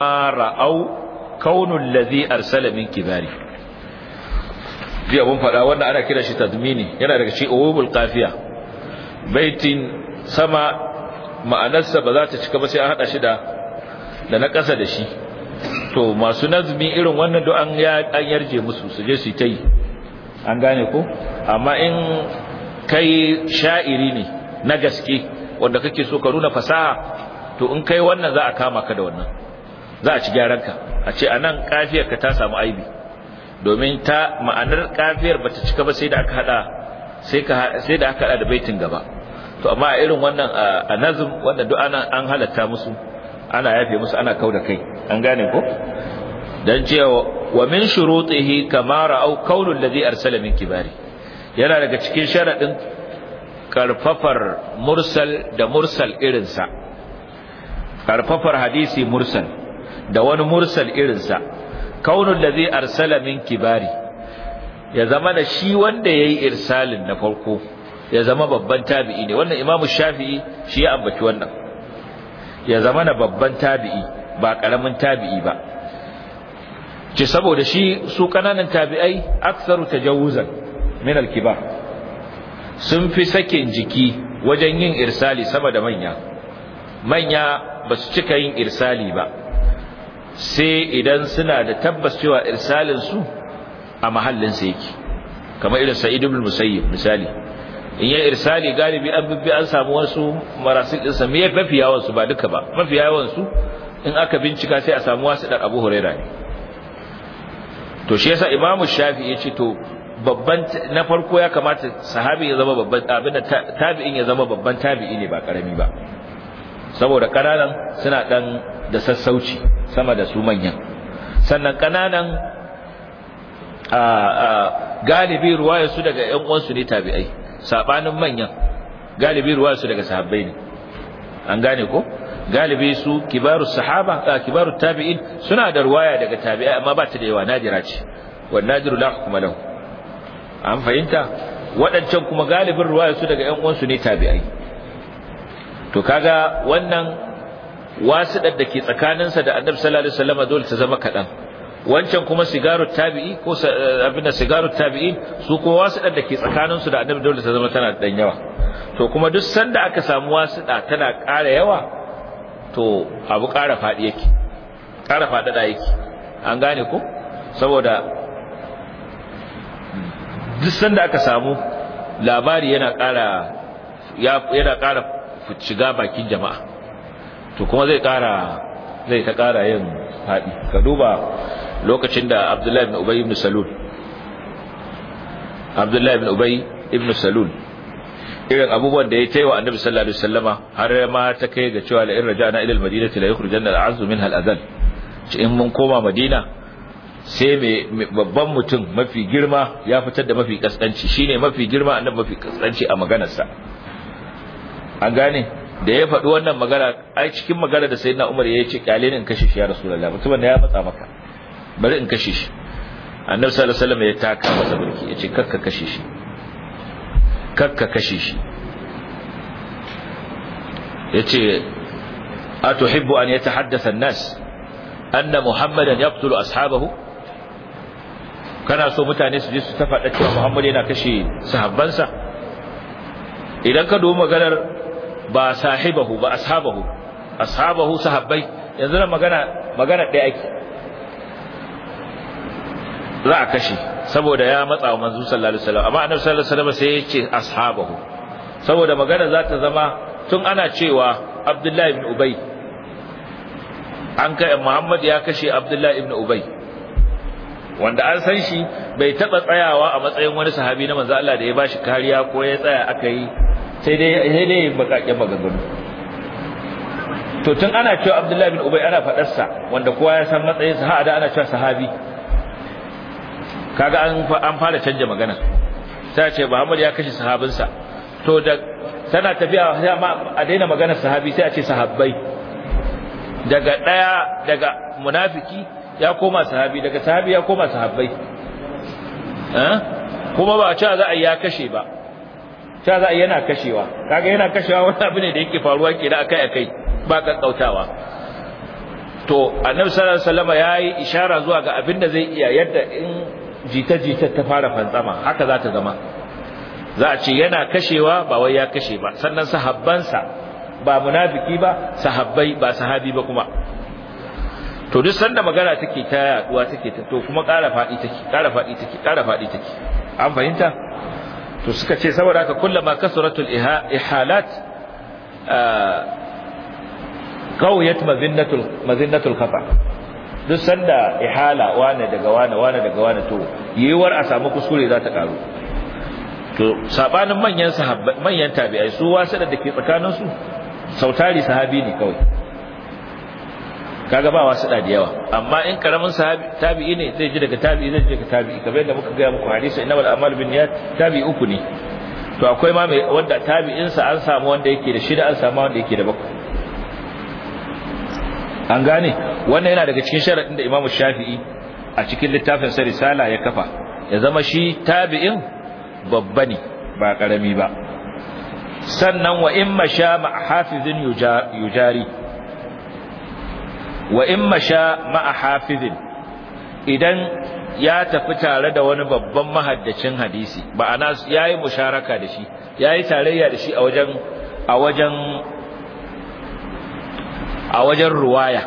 ra'au kaunul ladhi arsala min kibari Jiya abun fada wanda ana kira shi tadmini yana daga cikin ubul qafiya baitin sama ma'anarsa ba za ta cika ba sai an hada shi da da na kasa da shi to masu nazmi irin wannan do an ya an yarje musu su je su yi an gane ko amma in kai sha'iri ne na gaske wanda kake so ka nuna fasaha to in kai wannan za a kama ka da wannan za a ci gyaranka a ce a nan kafiyarka ta samu aibi domin ta ma'anar kafiyar bata cika ba sai da aka hada sai da aka hada da baitin gaba to amma a irin wannan a nazm wanda duk ana an halatta musu ana yafe musu ana kauda kai an gane ko dan cewa wa min shurutihi kama ra'au qaulul ladhi arsala min kibari yana daga cikin sharadin karfafar mursal da mursal irinsa karfafar hadisi mursal da wani mursal irinsa da zai arsala min kibari ya zama da shi wanda yayi irsalin na farko ya zama babban tabi'i ne wannan imamu shafi'i shi ya ambaci wannan ya zama na babban tabi'i ba karamin tabi'i ba ce saboda shi su kananan tabi'ai aksaru tajawuzan min al sun fi sakin jiki wajen yin irsali sama da manya manya ba su cika yin irsali ba sai idan suna da tabbas cewa irsalin su a mahallin sa yake kamar irin Sa'id ibn Musayyib misali in ya irsali galibi an bi an samu wasu marasil din sa me yawan su ba duka ba mafi yawan in aka bincika sai a samu wasu dan Abu Huraira ne to shi yasa Imam Shafi'i ya ce to babban na farko ya kamata sahabi ya zama babban abin tabi'in ya zama babban tabi'i ne ba karami ba saboda kananan suna dan da sassauci sama da su manyan sannan kananan a galibi ruwaya su daga ƴan uwansu ne tabi'ai sabanin manyan galibi ruwaya su daga sahabbai ne an gane ko galibi su kibaru sahaba kibaru tabi'in suna da ruwaya daga tabi'ai amma ba ta da yawa nadira ce wan nadiru la hukuma lahu an fahimta waɗancan kuma galibin ruwaya su daga ƴan uwansu ne tabi'ai to kaga wannan wasiɗar da ke tsakaninsa da annabi sallallahu alaihi wasallam dole ta zama kaɗan wancan kuma sigaru tabi'i ko eh, abin da sigaru tabi'i su kuma wasiɗar da ke tsakaninsu da annabi dole ta zama tana da dan yawa to kuma duk sanda aka samu wasiɗa tana ƙara yawa to abu ƙara faɗi yake ƙara faɗaɗa yake an gane ko saboda duk sanda aka samu labari yana ƙara yana ƙara shiga bakin jama'a to kuma zai kara zai ta kara yin fadi ka duba lokacin da Abdullahi ibn Ubay ibn Salul Abdullahi ibn Ubay ibn Salul irin abubuwan da ya taiwa Annabi sallallahu alaihi wasallama har ma ta kai ga cewa la in raja'na ila al-madinati la yukhrijanna al-'azzu minha al-adhal in mun koma Madina sai me babban mutum mafi girma ya fitar da mafi kaskanci shine mafi girma annabi mafi kaskanci a maganarsa an gane da ya faɗi wannan magana ai cikin magana da sayyidina Umar ya ce kyale ne in kashe shi ya Rasulullah mutumin da ya matsa maka bari in kashe shi Annabi sallallahu alaihi wasallam ya taka masa burki ya ce kakka kashe shi kakka kashe shi ya ce atuhibbu an yatahaddasa an-nas anna Muhammadan yaqtulu ashabahu kana so mutane su je su ta faɗa cewa Muhammad yana kashe sahabbansa idan ka dubi maganar ba sahibahu ba ashabahu ashabahu sahabbai yanzu na magana magana ɗaya ake za a kashe saboda ya matsa wa manzo sallallahu alaihi wasallam amma annabi sallallahu alaihi wasallam sai ya ce ashabahu saboda magana za ta zama tun ana cewa abdullahi ibn ubay an kai muhammad ya kashe abdullahi ibn ubay wanda an san shi bai taba tsayawa a matsayin wani sahabi na manzo Allah da ya bashi kariya ko ya tsaya aka yi sai dai sai dai bakaƙen magagano to tun ana cewa abdullahi bin ubay ana faɗarsa wanda kowa ya san matsayin sa da ana cewa sahabi kaga an an fara canja magana sai ce muhammad ya kashe sahabinsa to da tana tafiya sai a daina maganar sahabi sai a ce sahabbai daga daya daga munafiki ya koma sahabi daga sahabi ya koma sahabbai eh kuma ba a cewa za a yi ya kashe ba sha za a yana kashewa kaga yana kashewa wani abu ne da yake faruwa ke da akai akai ba ka kautawa to annabi sallallahu alaihi wasallam yayi ishara zuwa ga abin da zai iya yadda in jita jita ta fara fantsama haka za ta zama za a ce yana kashewa ba wai ya kashe ba sannan sahabbansa ba munafiki ba sahabbai ba sahabi ba kuma to duk sanda magana take ta yaduwa take ta to kuma ƙara fadi take ƙara fadi take ƙara fadi take an fahimta to suka ce saboda haka kullama kasratul ihalat qawiyat mazinnatul mazinnatul khata duk sanda ihala wane daga wane wane daga wane to yiwar a samu kuskure za ta karu to sabanin manyan sahabbai manyan tabi'ai su wasu da ke tsakanin su sautari sahabi ne kawai kaga ba wasu da yawa amma in karamin sahabi tabi'i ne zai ji daga tabi'i zai ji daga tabi'i kamar yadda muka ga muku hadisi wal a'mal bin niyyat tabi'i uku ne to akwai ma mai wanda tabi'in sa an samu wanda yake da shida an samu wanda yake da bakwai an gane wannan yana daga cikin sharadin da Imam Shafi'i a cikin littafin sa risala ya kafa ya zama shi tabi'in babba ne ba karami ba sannan wa in masha ma hafizin yujari wa in masha ma'a hafizin idan ya tafi tare da wani babban mahaddacin hadisi ma'ana yayi musharaka da shi yayi tarayya da shi a wajen a wajen a wajen ruwaya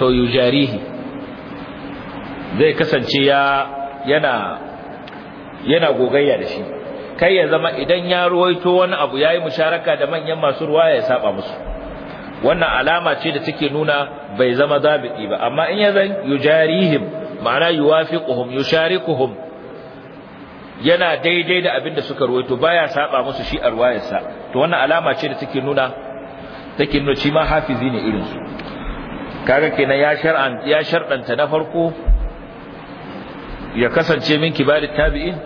to yujarihi zai kasance ya yana yana gogayya da shi kai ya zama idan ya ruwaito wani abu yayi musharaka da manyan masu ruwaya ya saba musu wannan alama ce da take nuna bai zama zabiti ba amma in ya zan yujarihim ma'ana yuwafiquhum yusharikuhum yana daidai da abin da suka ruwaito baya saba musu shi a ruwayarsa to wannan alama ce da take nuna take nuna shi ma hafizi ne irin su kaga kenan ya shar'an ya shar'anta na farko ya kasance min kibarit tabi'in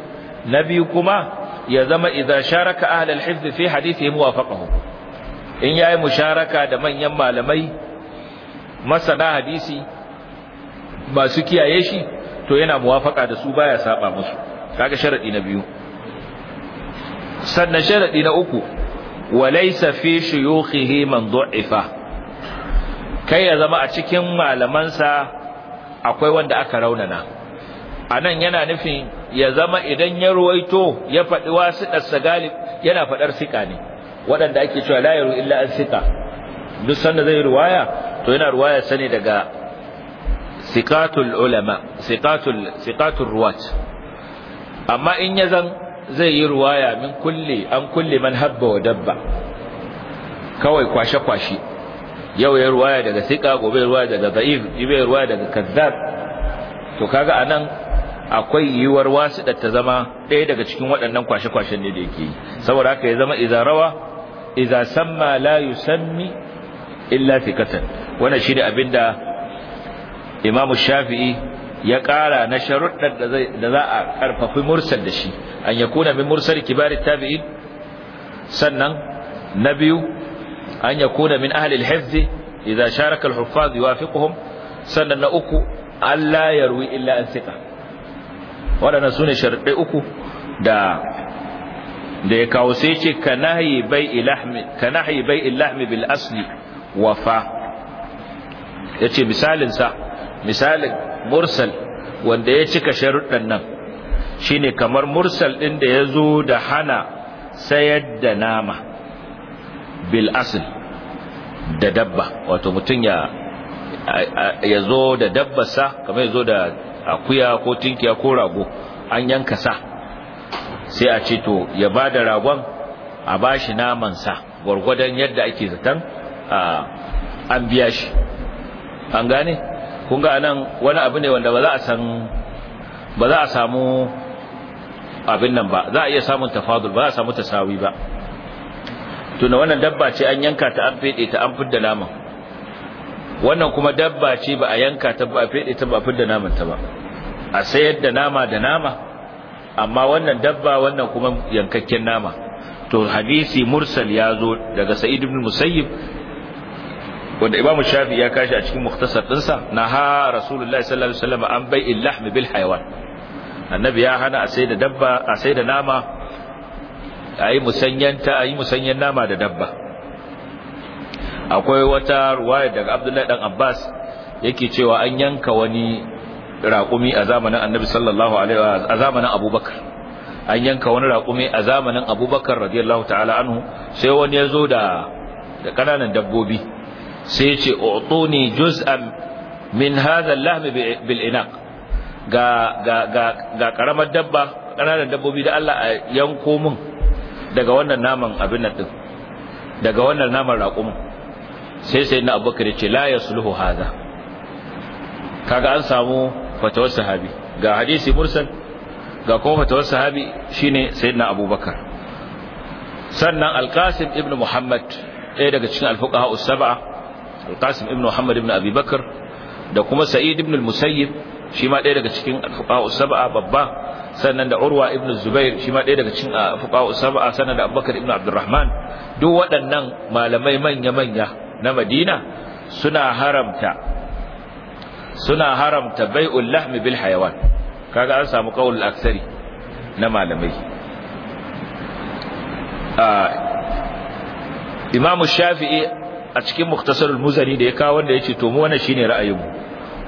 na biyu kuma ya zama idza sharaka ahlul hifz fi hadithihim wafaqahum in yayi musharaka da manyan malamai masana hadisi masu kiyaye shi to yana muwafaka da su baya saba musu kaga sharadi na biyu sannan sharadi na uku walaysa fi shuyukhihi man du'ifa kai ya zama a cikin malamansa akwai wanda aka raunana anan yana nufin ya zama idan ya ruwaito ya faɗi wasu ɗarsa galib yana faɗar sika ne waɗanda ake cewa la yaru illa an sika duk sanda zai ruwaya to yana ruwaya sane daga sikatul ulama sikatul sikatul ruwat amma in ya zan zai yi ruwaya min kulli an kulli man habba wa dabba kawai kwashe kwashe yau ya ruwaya daga siqa gobe ruwaya daga da'if ibe ruwaya daga kazzab to kaga anan akwai yiwuwar wasu da ta zama ɗaya daga cikin waɗannan kwashe-kwashen ne da yake yi saboda haka ya zama rawa. idza samma la yusammi illa thiqatan wannan shine abinda Imam Shafi'i ya ƙara na sharuɗɗan da za a karfafi mursal da shi an yakuna min mursal kibar tabi'in sannan na an yakuna min ahli al-hifz idza sharaka al-huffaz yuwafiquhum sannan na uku yarwi illa an thiqa sune sharuɗai uku da da ya kawo sai ce ka nahi bai ilahmi bil asli wafa ya ce misalinsa misalin mursal wanda ya cika sharuɗan nan shi ne kamar mursal ɗin da ya zo da hana sayar da nama bil asli da dabba wato mutum ya ya zo da dabbarsa kamar ya zo da akuya ko tinkiya ko rago an yanka sa sai a ce to ya ba da ragon a ba shi namansa gwargwadon yadda ake zaton an biya shi an gane kun ga nan wani abu ne wanda ba za a san ba za a samu abin nan ba za a iya samun tafadul ba za a samu tasawi ba tuna wannan dabba ce an yanka ta an fede ta an fidda naman wannan kuma dabba ce ba a yanka ta ba a fede ta ba a fidda naman ta ba a sayar da nama da nama amma wannan dabba wannan kuma yankakken nama to hadisi mursal ya zo daga sa'id ibn musayyib wanda imam shafi ya kashi a cikin mukhtasar dinsa na ha rasulullahi sallallahu alaihi wasallam an bai lahm bil haywan annabi ya hana a sai da dabba a sai da nama ayi ta ayi musanyan nama da dabba akwai wata ruwaya daga abdullahi dan abbas yake cewa an yanka wani raƙumi a zamanin annabi sallallahu alaihi a zamanin abubakar an yanka wani raƙumi a zamanin abubakar radiyallahu ta'ala anhu sai wani ya zo da ƙananan dabbobi sai ya ce utuni juz'an min hadha al-lahm bil inaq ga ga ga ga karamar dabba ƙananan dabbobi da Allah a yanko min daga wannan naman abin nan din daga wannan naman raƙumin sai sai na abubakar ya ce la yasluhu hadha kaga an samu fatawar sahabi ga hadisi mursal ga kuma fatawar sahabi shine sayyidina abubakar sannan alqasim ibnu muhammad ɗaya daga cikin alfuqaha us-sab'a alqasim ibnu muhammad ibnu abubakar da kuma sa'id ibnu al-musayyib shi ma ɗaya daga cikin alfuqaha us-sab'a babba sannan da urwa ibnu zubair shi ma ɗaya daga cikin ah, alfuqaha us-sab'a sannan da abubakar ibnu abdurrahman duk waɗannan malamai manya-manya na madina suna haramta suna haramta bai'ul lahmi bil hayawan kaga an samu qaulul aksari na malamai Imamu Shafi'i a cikin Muktasarul Muzani da ya kawo wanda yace to mu wannan shine ra'ayinmu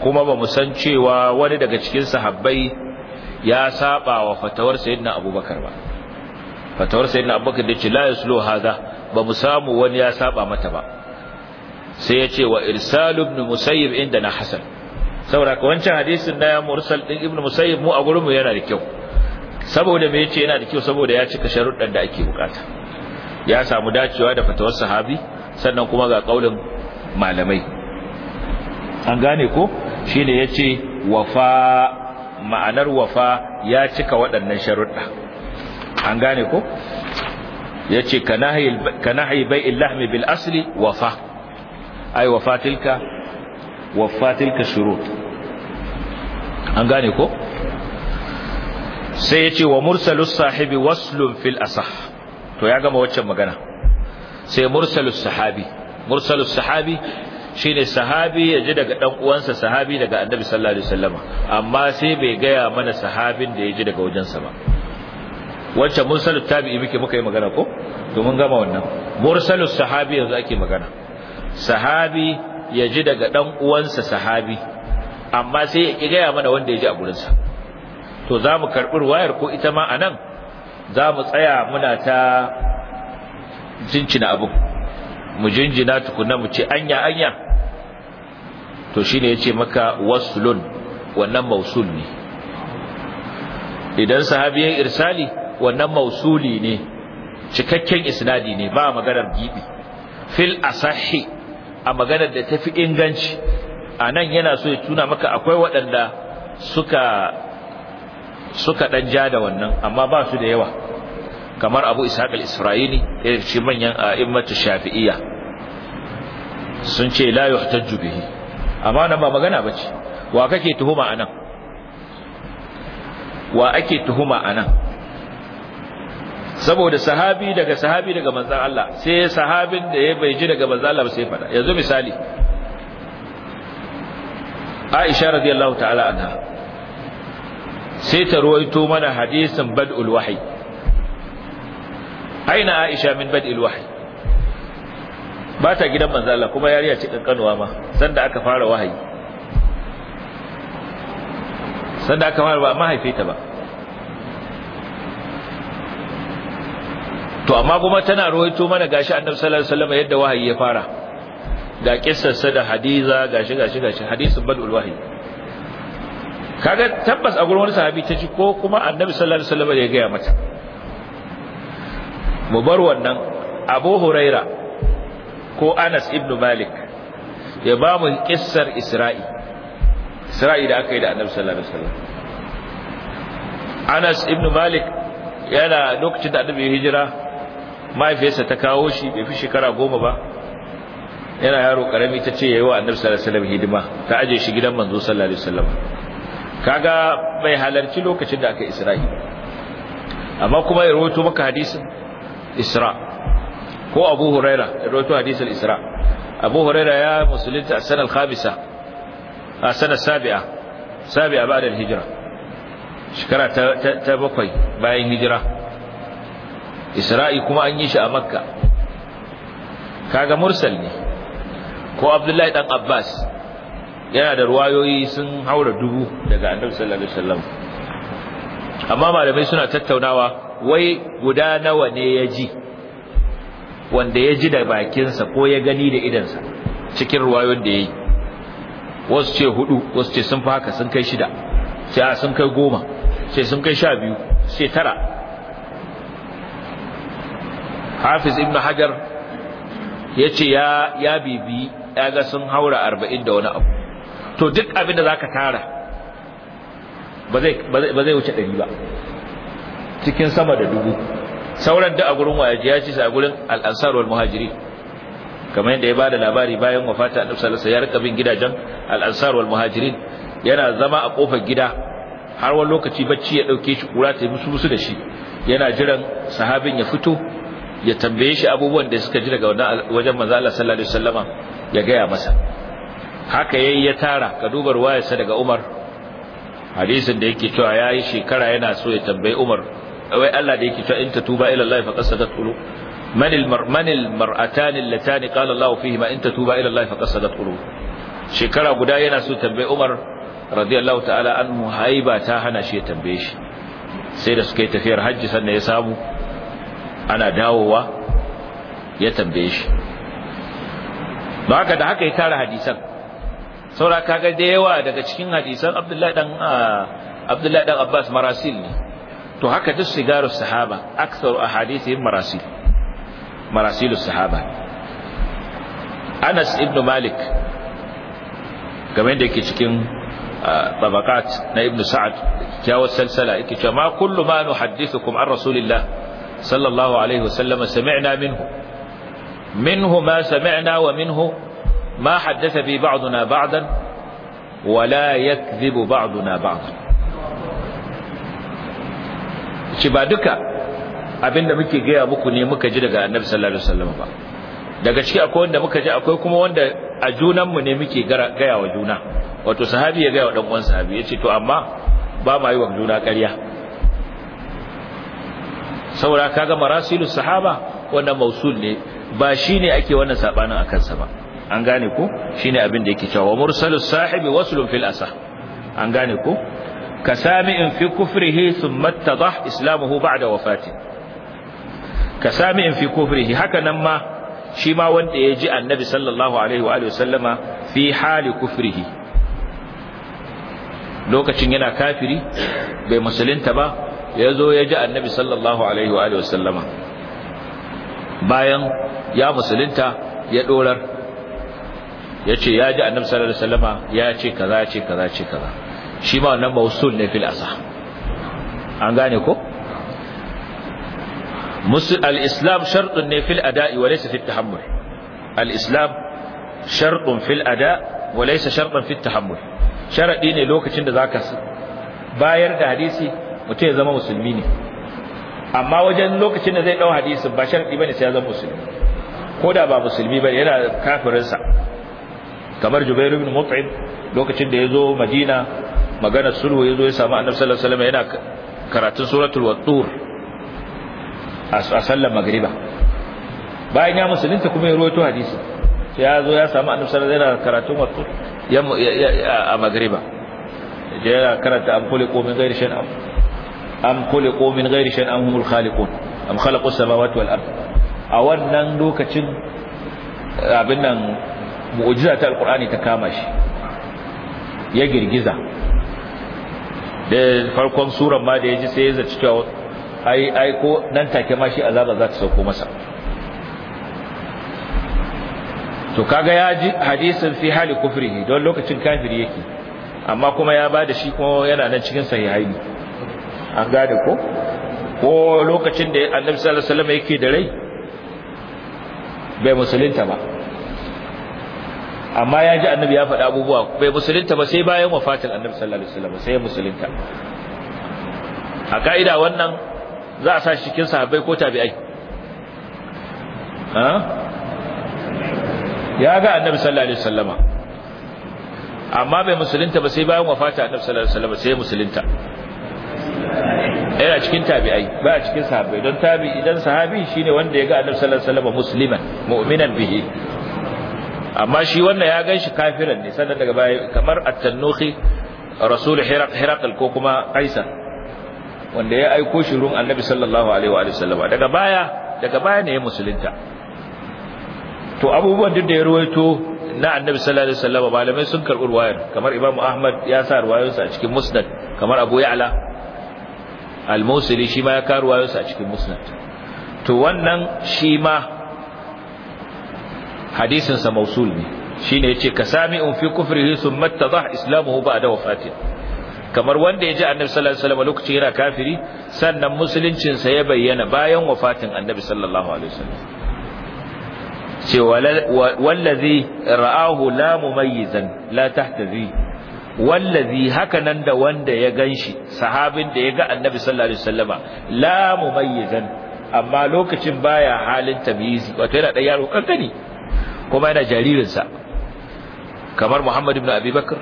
kuma ba mu san cewa wani daga cikin sahabbai ya saba wa fatawar sayyidina Abubakar ba fatawar sayyidina Abubakar da ce la yaslu hadha ba mu samu wani ya saba mata ba sai ya ce wa irsalu ibn musayyib inda na hasan saboda ka wancan hadisin da ya mursal din ibnu musayyib mu a gurin mu yana da kyau saboda me yace yana da kyau saboda ya cika sharuɗan da ake bukata ya samu dacewa da fatawar sahabi sannan kuma ga kaulin malamai an gane ko shine yace wafa ma'anar wafa ya cika waɗannan sharuɗa an gane ko yace kanahi bai IllaH bil asli wafa ay wafa tilka shurut an gane ko sai ya ce wa mursalus sahibi waslun fil asah to ya gama waccan magana sai mursalus sahabi mursalus sahabi shine sahabi ya ji daga dan uwansa sahabi daga annabi sallallahu alaihi wasallama amma sai bai gaya mana sahabin da ya ji daga wajensa ba wacce mursalus tabi'i muke muka yi magana ko to mun gama wannan mursalus sahabi yanzu ake magana sahabi ya ji daga dan uwansa sahabi amma sai ya gaya mana wanda ya ji a gurinsa to za mu karɓi ruwayar ko ita ma a nan za mu tsaya muna ta jinjina abu mu jinjina tukuna mu ce anya anya to shine yace maka waslun wannan mausul ne idan sahabi irsali wannan mausuli ne cikakken isnadi ne ba maganar gibi fil asahi a maganar da tafi inganci A nan yana so ya tuna maka akwai waɗanda suka suka dan ja da wannan amma ba su da yawa kamar Abu Ishaq al-Isra'ili irin shi manyan a'immatu Shafi'iyya sun ce la yuhtajju bihi amma nan ba magana bace wa kake tuhuma anan wa ake tuhuma anan saboda sahabi daga sahabi daga manzon Allah sai sahabin da ya bai ji daga manzon Allah ba sai fada yanzu misali aisha radiyallahu ta'ala anha sai ta ruwaito mana hadisin bad'ul wahyi aina aisha min bad'il wahyi ba ta gidan manzo Allah kuma yariya ce kankanuwa ma sanda aka fara wahayi sanda aka fara ba mahaife ta ba to amma kuma tana ruwaito mana gashi annabi sallallahu alaihi wasallam yadda wahayi ya fara Da kissarsa da hadiza gashi gashi gashi hadisin badul wahyi kaga tabbas a gurin wani sahabi ta ci ko kuma annabi sallallahu alaihi wasallam ya gaya mata mu bar wannan abu huraira ko anas ibn malik ya ba mu kissar isra'i isra'i da aka yi da annabi sallallahu alaihi wasallam anas ibn malik yana lokacin da annabi ya hijira mahaifiyarsa ta kawo shi bai fi shekara goma ba yana yaro karami ta ce yayi wa annabi sallallahu alaihi wasallam hidima ta aje shi gidan manzo sallallahu alaihi wasallam kaga bai halarci lokacin da aka isra'i amma kuma ya rawaito maka hadisin isra ko abu huraira ya rawaito hadisin isra abu huraira ya musulunta a sanar khamisa a sanar sabi'a sabi'a ba da hijira shekara ta bakwai bayan hijira isra'i kuma an yi shi a makka kaga mursal ne ko abdullahi dan abbas yana da ruwayoyi sun haura dubu daga annabi sallallahu alaihi wasallam amma malamai suna tattaunawa wai guda nawa ne ya ji wanda ya ji da bakinsa ko ya gani da idansa cikin ruwayoyin da ya yi wasu ce hudu wasu ce sun fi haka sun kai shida sai sun kai goma sai sun kai sha biyu sai tara hafiz ibn hajar ya ce ya bibi ga sun haura arba'in da wani abu to duk abin da za ka tara ba zai wuce ɗari ba cikin sama da dubu sauran da a gurin wayaji ya ce sa gurin al'ansar wal muhajiri kamar yadda ya ba da labari bayan wafata annabi sallallahu alaihi wasallam ya rika bin gidajen al'ansar wal muhajirin yana zama a kofar gida har wani lokaci bacci ya ɗauke shi kura ta musu musu da shi yana jiran sahabin ya fito ya tambaye shi abubuwan da suka ji daga wajen manzo Allah sallallahu alaihi wasallama ya gaya masa haka yayi ya tara ka dubar wayarsa daga Umar hadisin da yake cewa yayi shekara yana so ya tambayi Umar wai Allah da yake cewa in ta tatuba ila Allah faqad sadat qulub man al man al mar'atan allatan qala Allah fihima in ta tatuba ila Allah faqad sadat qulub shekara guda yana so tambayi Umar radiyallahu ta'ala anhu haiba ta hana shi ya tambaye shi sai da suka yi tafiyar hajji sannan ya samu ana dawowa ya tambaye shi ba haka da haka ya tara hadisan saura kaga da yawa daga cikin hadisan abdullahi dan ah, abdullahi dan abbas marasil ne to haka duk sigaru sahaba aktsaru ahadithihim marasil marasilu sahaba anas ibn malik game da yake cikin طبقات ah, na ibn sa'ad kyawar salsala yake cewa ma kullu ma nuhaddithukum an rasulillah sallallahu alaihi wasallam sami'na minhu منه ما سمعنا ومنه ما حدث به بعضنا بعضا ولا يكذب بعضنا بعضا ci ba duka abinda muke gaya muku ne muka ji daga annabi sallallahu alaihi wasallam ba daga ciki akwai wanda muka ji akwai kuma wanda a junan mu ne muke gaya wa juna wato sahabi ya gaya wa dan uwan sahabi yace to amma ba ma yi wa juna ƙarya saboda kaga marasilus sahaba wannan mausul ne ba shine ake wannan sabanin akan sa ba an gane ko shine abin da yake cewa mursalus sahibi waslun fil asa an gane ko kasami'in fi kufrihi thumma tadah islamuhu ba'da wafati kasami'in fi kufrihi haka nan ma shi ma wanda ya ji annabi sallallahu alaihi wa sallama fi hali kufrihi lokacin yana kafiri bai musulunta ba ya zo ya ji annabi sallallahu alaihi wa sallama bayan ya musulunta ya dorar ya ce ya ji annabi sallallahu alaihi wasallama ya ce kaza ya ce kaza ce kaza shi ma wannan mausul ne fil asa an gane ko al-islam shartun ne fil ada'i wa laysa fit tahammul al-islam shartun fil ada' wa laysa shartan fit tahammul sharadi ne lokacin da zaka bayar da hadisi mutum ya zama musulmi ne amma wajen lokacin da zai dau hadisi ba sharadi bane sai ya zama musulmi ko da ba musulmi ba yana kafirinsa kamar jubairu bin mut'im lokacin da ya zo madina magana sulhu ya zo ya samu annabi sallallahu alaihi wasallam yana karatun suratul wattur a sallar magriba bayan ya musulunta kuma ya rawaito hadisi ya zo ya samu annabi sallallahu alaihi wasallam yana karatun wattur a magriba yana karanta an kulli qomin ghairi shan am kulli qomin ghairi shan am humul khaliqun am khalaqu samawati wal ardh a wannan lokacin abin nan mu'ujiza ta alqur'ani ta kama shi ya girgiza da farkon surar ma da yaji sai ya zaci cewa ai ai ko nan take ma shi azaba za ta sauko masa to kaga ya ji hadisin fi hali kufrihi don lokacin kafiri yake amma kuma ya bada shi kuma yana nan cikin sahihaini an gane ko ko lokacin da annabi sallallahu alaihi wasallam yake da rai bai musulunta ba amma ya ji annabi ya faɗa abubuwa bai musulunta ba sai bayan wafatin annabi sallallahu alaihi wasallam sai musulunta a ka'ida wannan za a sa shi cikin sahabbai ko tabi'ai ya ga annabi sallallahu alaihi wasallama amma bai musulunta ba sai bayan wafatin annabi sallallahu alaihi wasallam sai musulunta yana cikin tabi'ai ba cikin sahabbai don tabi idan sahabi shine wanda ya ga annabi sallallahu alaihi wasallam musliman mu'minan bihi amma shi wannan ya ganshi kafiran ne sannan daga baya kamar at-tannuhi rasul hiraqal ko kuma qaisar wanda ya aiko shi ruwan annabi sallallahu alaihi wa sallam daga baya daga baya ne ya musulunta to abubuwan duk da ya ruwaito na annabi sallallahu alaihi wasallam malamai sun karbi ruwayar kamar imamu ahmad ya sa ruwayarsa a cikin musnad kamar abu ya'la al-musili shi ma ya karuwa yasa a cikin musnad to wannan shi ma hadisin sa mausul ne shine yace ka sami sami'un fi kufrihi thumma tadah islamuhu ba'da wafatihi kamar wanda ya ji annabi sallallahu alaihi wasallam lokacin yana kafiri sannan musuluncin sa ya bayyana bayan wafatin annabi sallallahu alaihi wasallam ce wallazi ra'ahu la mumayyizan la tahtazi wallazi haka nan da wanda ya ganshi sahabin da ya ga annabi sallallahu alaihi wasallama la mumayyizan amma lokacin baya halin tamyizi wato yana dan yaro kankani kuma yana jaririn sa kamar Muhammad ibn Abi Bakr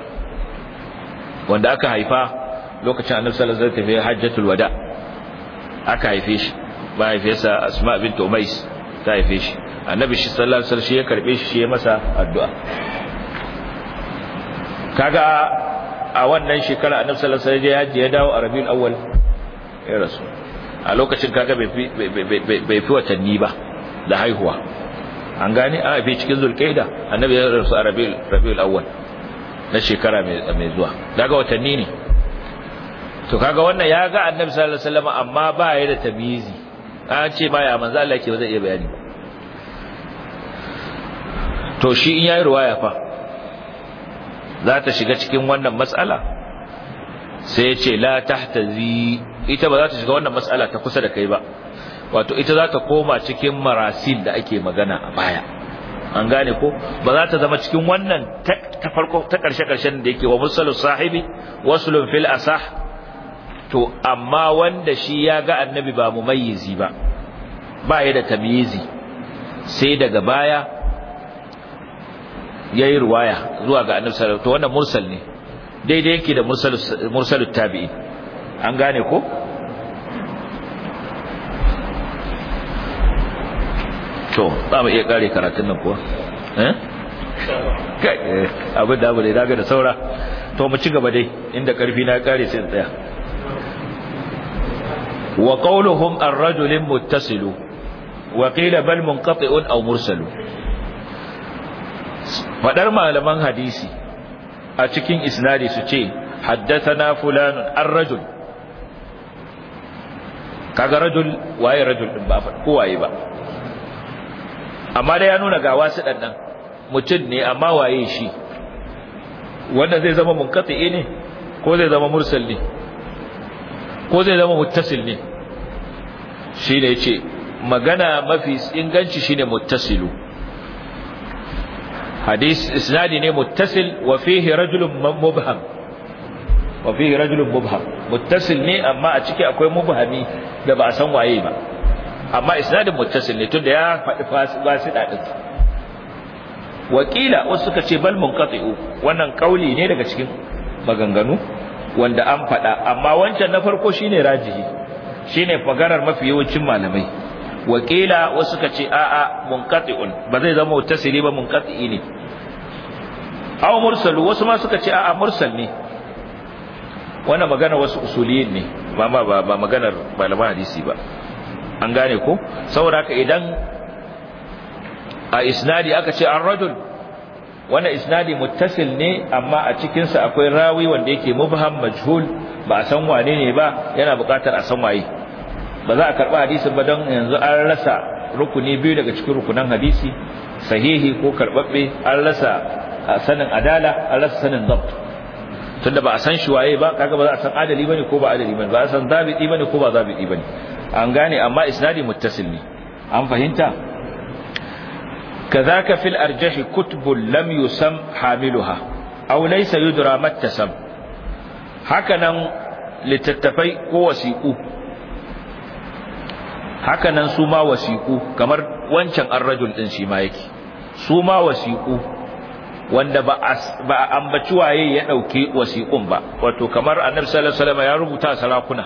wanda aka haifa lokacin annabi sallallahu alaihi wasallam hajjatul wada aka haife shi mahaifiyarsa Asma bint Umais ta haife shi annabi sallallahu alaihi wasallam shi ya karbe shi ya masa addu'a kaga a wannan shekara annabi sallallahu alaihi wasallam ya je ya dawo a rabiul awwal ya rasu a lokacin kaga bai fi watanni ba da haihuwa an gane a bi cikin zulqaida annabi ya rasu a rabiul rabiul awwal na shekara mai zuwa daga watanni ne to kaga wannan ya ga annabi sallallahu alaihi wasallam amma ba ya da tamizi an ce ba ya manzo Allah ke zai iya bayani to shi in yayi ruwaya fa za ta shiga cikin wannan matsala sai ya ce la tahtazi ita ba za ta shiga wannan matsala ta kusa da kai ba wato ita za ta koma cikin marasil da ake magana a baya an gane ko ba za ta zama cikin wannan ta farko ta karshe karshen da yake wa musallu sahibi waslun fil asah to amma wanda shi ya ga annabi ba mumayyizi ba ba ya da tamyizi sai daga baya yayi ruwaya zuwa ga annabi sallallahu alaihi wasallam to wannan mursal ne daidai yake da mursal mursal tabi'i an gane ko to za mu iya kare karatun nan kuwa eh, eh abin da abu daga da saura to mu ci gaba dai inda karfi na kare sai tsaya wa qawluhum ar-rajulin muttasilu wa qila bal munqati'un aw mursalu fadar malaman hadisi a cikin isnadi su ce haddathana fulanun ar-rajul kaga rajul waye rajul din ba fa ko waye ba amma dai ya nuna ga wasu dan mutum ne amma waye shi wanda zai zama munkati ne ko zai zama mursal ne ko zai zama muttasil ne Shi shine ce magana mafi inganci shine muttasilu hadis isnadi ne muttasil wa fihi rajulun mubham wa fihi rajulun mubham muttasil ne amma a ciki akwai mubhami da ba a san waye ba amma isnadin muttasil ne tunda ya faɗi fasida din wakila wasu suka ce bal munqati'u wannan kauli ne daga cikin maganganu wanda an faɗa amma wancan na farko shine rajihi shine fagarar mafi yawancin malamai wakila wasu ka ce a'a munqati'un ba zai zama mutasili ba munqati'i ne aw mursalu wasu ma suka ce a'a mursal ne wannan magana wasu usuliyin ne ba ba ba maganar malaman hadisi ba an gane ko saboda ka idan a isnadi aka ce an rajul wanda isnadi muttasil ne amma a cikin sa akwai rawi wanda yake mubham majhul ba a san wane ne ba yana buƙatar a san waye ba za a karɓi hadisin ba don yanzu an rasa rukuni biyu daga cikin rukunan hadisi sahihi ko karɓaɓɓe an rasa sanin adala an rasa sanin zabt tunda ba a san shi waye ba kaga ba za a san adali bane ko ba adali bane ba a san zabidi bane ko ba zabidi bane an gane amma isnadi muttasil ne an fahimta kazaka fil arjah kutubul lam yusam hamiluha aw laysa yudra mattasab nan littattafai ko wasiqu haka nan su ma wasiƙu kamar wancan arrajul din shi ma yake su ma wasiƙu wanda ba ba ambaci waye ya dauke wasiƙun ba wato kamar annabi sallallahu alaihi wasallam ya rubuta sarakuna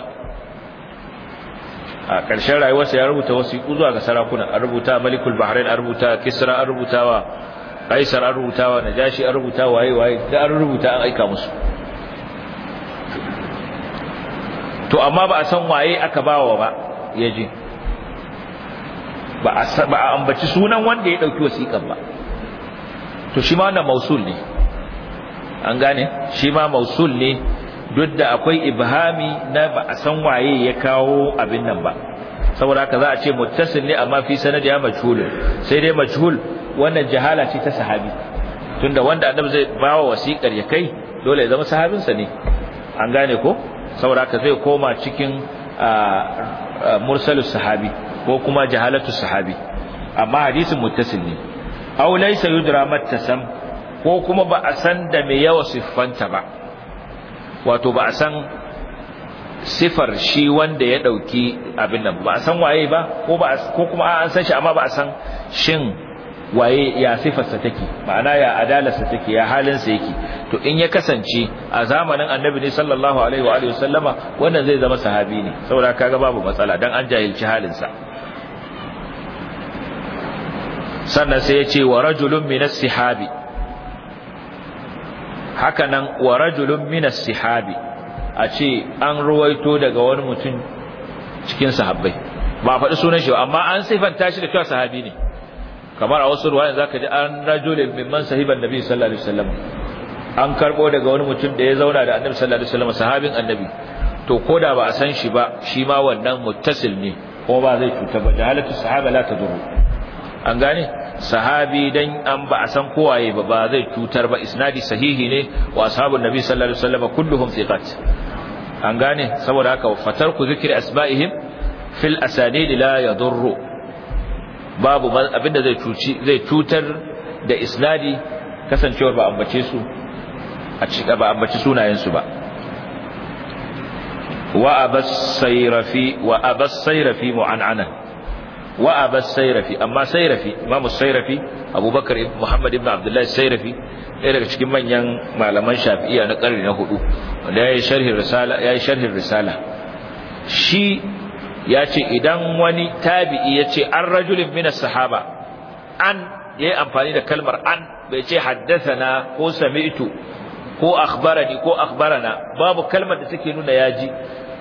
a ƙarshen rayuwarsa ya rubuta wasiƙu zuwa ga sarakuna an rubuta malikul bahrain an rubuta kisra an rubuta wa kaisar an rubuta wa najashi an rubuta waye waye da an rubuta an aika musu to amma ba a san waye aka bawa ba yaji ba a ambaci sunan wanda ya ɗauki wasiƙan ba to shi ma wannan mausul ne an gane shi ma mausul ne duk da akwai ibhami na ba a san waye ya kawo abin nan ba saboda haka za a ce muttasil ne amma fi sanadi ya majhul sai dai majhul wannan jahala ce ta sahabi tunda wanda annabi zai bawa wasiƙar ya kai dole ya zama sahabinsa ne an gane ko saboda haka zai koma cikin ah, ah, mursalus sahabi ko kuma jahalatu sahabi amma hadisin muttasil ne aw laysa yudra mattasam ko kuma ba a san da me yawa siffanta ba wato ba a san sifar shi wanda ya dauki abin nan ba a san waye ba ko ba ko kuma an san shi amma ba a san shin waye ya sifarsa take ma'ana ya adalarsa take ya halinsa yake to in ya kasance a zamanin annabi ne sallallahu alaihi wa alihi wasallama wannan zai zama sahabi ne saboda kaga babu matsala dan an jahilci halinsa sannan sai ya ce wa rajulun as sihabi nan wa rajulun as sihabi a ce an ruwaito daga wani mutum cikin sahabbai ba faɗi sunan shi amma an sifanta shi da cewa sahabi ne kamar a wasu ruwayan zaka ji an rajulin mimman sahiban nabi sallallahu alaihi wasallam an karbo daga wani mutum da ya zauna da annabi sallallahu alaihi wasallam sahabin annabi to koda ba a san shi ba shi ma wannan muttasil ne ko ba zai cuta ba jahalatu sahaba la tadur an gane sahabi dan an ba a san kowaye ba ba zai cutar ba isnadi sahihi ne wa ashabun nabi sallallahu alaihi wasallam kulluhum thiqat an gane saboda haka fatarku zikri asba'ihim fil asanid la yadurru babu abinda zai cuci zai cutar da isnadi kasancewar ba ambace su a cika ba ambaci sunayen su ba wa abas sayrafi wa abas sayrafi mu'anana wa abas sayrafi amma sayrafi imamu sayrafi abubakar muhammad ibn abdullahi sayrafi ɗaya daga cikin manyan malaman shafi'iyya na ƙarni na hudu wanda ya yi sharhin risala. ya yi sharhin risala shi ya ce idan wani tabi'i ya ce an rajulin mina sahaba an ya yi amfani da kalmar an bai ce na ko sami'tu ko akhbarani ko akhbarana babu kalmar da take nuna ya ji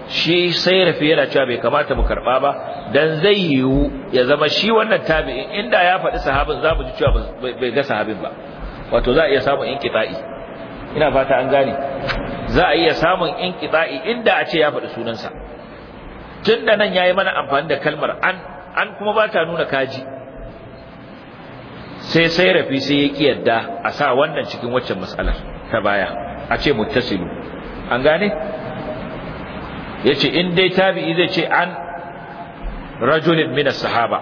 shi sai rafi yana cewa bai kamata mu karba ba dan zai yiwu ya zama shi wannan tabi'in inda ya faɗi sahabin za mu ji cewa bai ga sahabin ba wato za a iya samun inqita'i ina fata an gane za a iya samun inqita'i inda a ce ya faɗi sunansa tun da nan yayi mana amfani da kalmar an an kuma ba ta nuna kaji sai sai rafi sai ya ki yadda a sa wannan cikin waccan matsalar ta baya a ce muttasilu an gane yace in dai tabi'i zai ce an rajulin min sahaba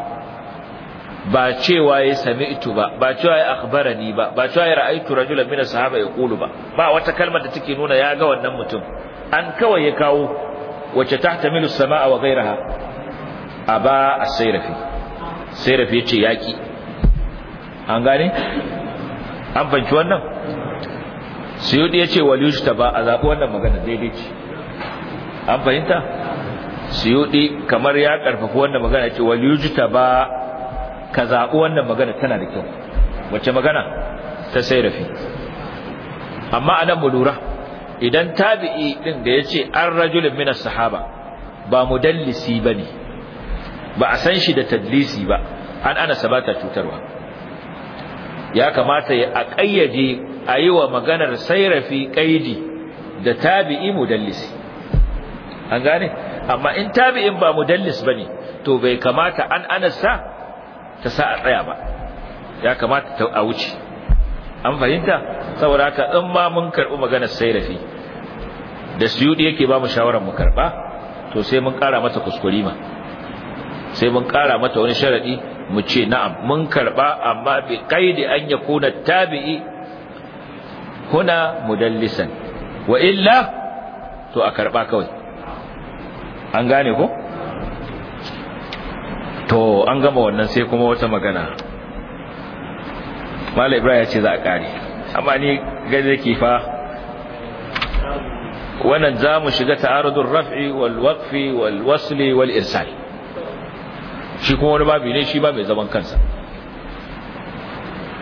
ba cewa ya sami'tu ba ba cewa ya ni ba ba cewa ya ra'aitu rajulan min sahaba ya kulu ba ba wata kalmar da take nuna ya ga wannan mutum an kawai ya kawo wacce tahtamilu samaa wa ghayraha aba as sairafi ya ce yaƙi. an gane an fanci wannan ce suyudi ta ba a zaɓi wannan magana daidai ce an fahimta suyudi kamar ya ƙarfafi wannan magana ce ta ba ka zaɓi wannan magana tana da kyau wacce magana ta sairafi amma anan mu lura idan tabi'i din da yace an rajulun minas sahaba ba mudallisi bane ba a san shi da tadlisi ba an ana sabata cutarwa ya kamata ya akayyade ayi wa maganar sayrafi ƙa'idi da tabi'i mudallisi an gane amma in tabi'in ba mudallis bane to bai kamata an anasa ta sa a tsaya ba ya kamata ta a wuce an fahimta saboda haka in ma mun karɓi sai rafi da suyudi yake ba mu shawarar mu karɓa to sai mun ƙara mata kuskure ma sai mun ƙara mata wani sharaɗi mu ce na'am mun karɓa amma bi qaidi an yakuna tabi'i kuna mudallisan wa illa to a karɓa kawai an gane ko to an gama wannan sai kuma wata magana mala ibrahim ya ce za a kare amma ni zai ke fa wannan za mu shiga ta'arudun raf'i wal waqfi wal wasli wal irsal shi kuma wani babu ne shi ba mai zaman kansa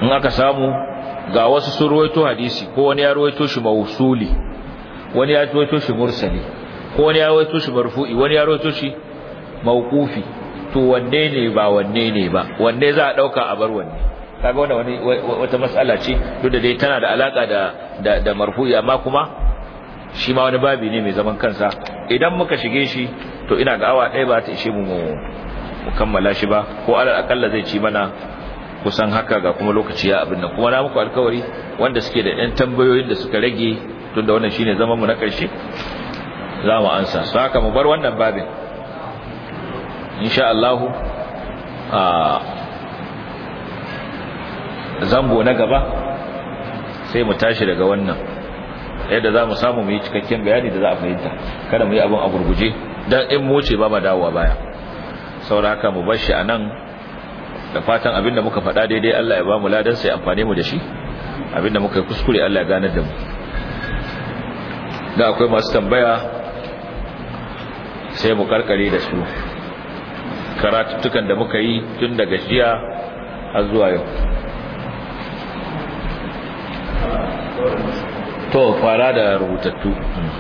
in aka samu ga wasu sun ruwaito hadisi ko wani ya ruwaito shi mausuli wani ya ruwaito shi mursali ko wani ya ruwaito shi marfu'i wani ya ruwaito shi mawqufi to wanne ne ba wanne ne ba wanne za a dauka a bar wanne kaga wannan wani wata mas'ala ce duk da dai tana da alaka da da, marfu marfu'i amma kuma shi ma wani babi ne mai zaman kansa idan muka shige shi to ina ga awa ɗaya ba ta ishe mu mu kammala shi ba ko alal akalla zai ci mana kusan haka ga kuma lokaci ya abin nan kuma na muku alkawari wanda suke da ɗan tambayoyin da suka rage tun da wannan shine zaman mu na ƙarshe za mu ansa su haka mu bar wannan babin insha Allah ah, zango na gaba sai mu tashi daga wannan yadda za mu samu mu yi cikakken bayani da za a fahimta kada mu yi abin a gurguje don in mu wuce ba ma dawowa baya haka mu bar shi a nan da fatan abin da muka faɗa daidai Allah ya ba mu ladan sai amfane mu da shi abin da muka yi kuskure Allah ya ganar da mu da akwai masu tambaya sai mu karkare da su karatuttukan da muka yi tun daga jiya har zuwa yau to fara da rubutattu hmm.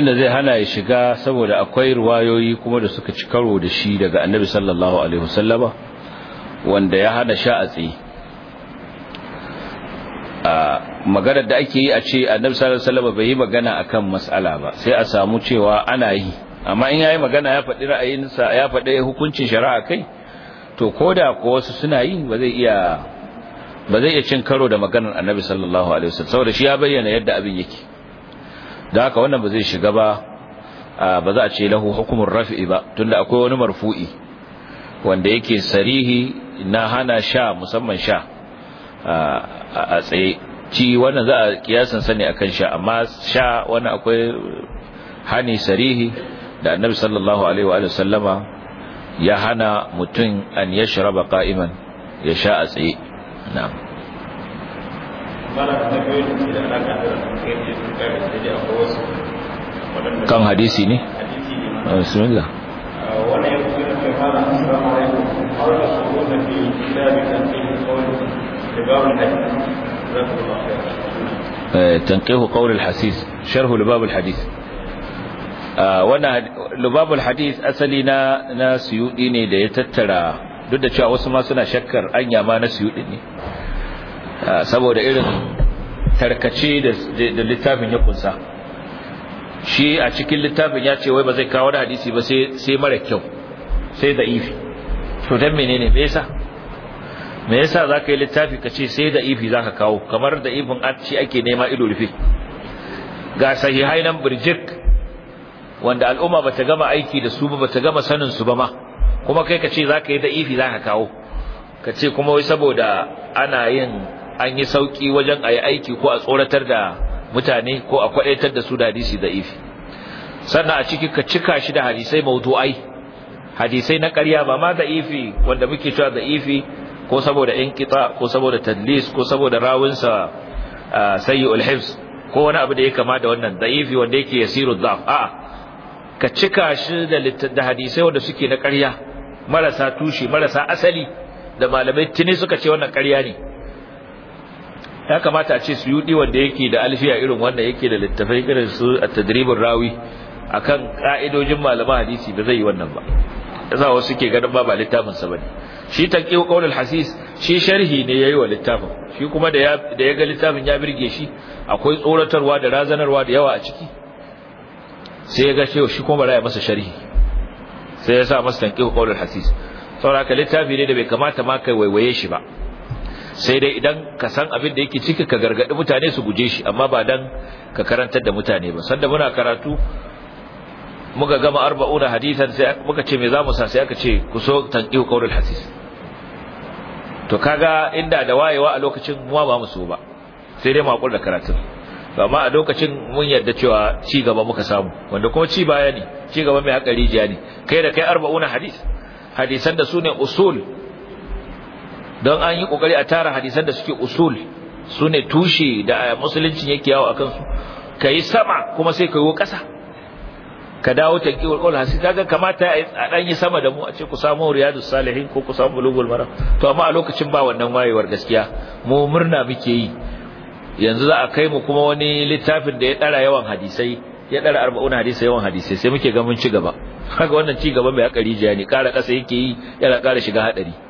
abinda zai hana ya shiga saboda akwai ruwayoyi kuma da suka ci karo da shi daga annabi sallallahu alaihi wasallama wanda ya hana sha a tsaye a maganar da ake yi a ce annabi sallallahu alaihi wasallama bai yi magana akan mas'ala ba sai a samu cewa ana yi amma in yayi magana ya faɗi ra'ayinsa ya faɗi hukuncin shari'a kai to koda ko wasu suna yi ba zai iya ba zai iya cin karo da maganar annabi sallallahu alaihi wasallam saboda shi ya bayyana yadda abin yake da haka wannan ba zai shiga ba ba za a ce lahu hukumun rafi'i ba tunda akwai wani marfu'i wanda yake sarihi na hana sha musamman sha a tsaye ci wannan za a kiyasan sani akan sha amma sha wannan akwai hani sarihi da annabi sallallahu alaihi wa sallama ya hana mutum an yashraba qa'iman ya sha a tsaye na'am kan hadisi ne bismillah ah, da a wani da ke da تنقيه قول الحسيس شرح لباب الحديث wannan lubabul hadith asali na na suyudi ne da ya tattara duk da cewa wasu ma suna shakkar anya ma na suyudi ne Ah, saboda irin tarkace da littafin ya kunsa shi a cikin littafin ya ce wai ba zai kawo da hadisi ba sai mara kyau sai da ifi to dan menene me yasa me yasa ka yi littafi ka ce sai da ifi ka kawo kamar da ifin ci ake nema ido rufe ga sahihai nan birjik wanda al'umma ba ta gama aiki da su ba ta gama sanin su ba ma kuma kai ka ce za ka yi da ifi ka kawo ka ce kuma wai saboda ana yin an yi sauki wajen a yi aiki ko a tsoratar da mutane ko a kwadaitar da su da hadisi ifi sannan a ciki ka cika shi da hadisai ai hadisai na ƙarya ba ma ifi wanda muke cewa ifi ko saboda inqita ko saboda tadlis ko saboda rawinsa sayi hifz ko wani abu da ya kama da wannan ifi wanda yake yasiru dhaf a'a ka cika shi da hadisai wanda suke na ƙarya marasa tushe marasa asali da malamai tuni suka ce wannan ƙarya ne ya kamata a ce su yudi wanda yake da alfiya irin wanda yake da littafai irin su a tadribin rawi akan ka'idojin malaman hadisi ba zai yi wannan ba yasa wasu ke ganin ba ba littafin sa bane shi taqiyu ƙaunar hasis shi sharhi ne yayi wa littafin shi kuma da ya da ya ga littafin ya birge shi akwai tsoratarwa da razanarwa da yawa a ciki sai ya ga cewa shi kuma bara masa sharhi sai ya sa masa taqiyu ƙaunar hasis saboda ka littafi ne da bai kamata ma kai waiwaye shi ba sai dai idan ka san abin da yake ciki ka gargadi mutane su guje shi amma ba dan ka karantar da mutane ba sanda muna karatu muka gama arba'una hadisan sai muka ce me zamu sa sai aka ce ku so tanqiu qaulul hasis to kaga inda da wayewa a lokacin muwa ba mu so ba sai dai makul da karatun amma a lokacin mun yarda cewa ci gaba muka samu wanda kuma ci baya ne ci gaba mai hakari jiya ne kai da kai arba'una hadis hadisan da su ne usul don an yi kokari a tara hadisan da suke usul su ne tushe da musulunci yake yawo a kansu ka yi sama kuma sai ka yi ƙasa ka dawo ta ƙiwar kwallon hasi kaga kamata a ɗan yi sama da mu a ce ku samu salihin ko ku samu bulugul mara to amma a lokacin ba wannan wayewar gaskiya mu murna muke yi yanzu za a kai mu kuma wani littafin da ya ɗara yawan hadisai ya ɗara arba'un hadisai yawan hadisai sai muke ga ci gaba kaga wannan ci gaba mai hakari jiya ne ƙara ƙasa yake yi yana ƙara shiga haɗari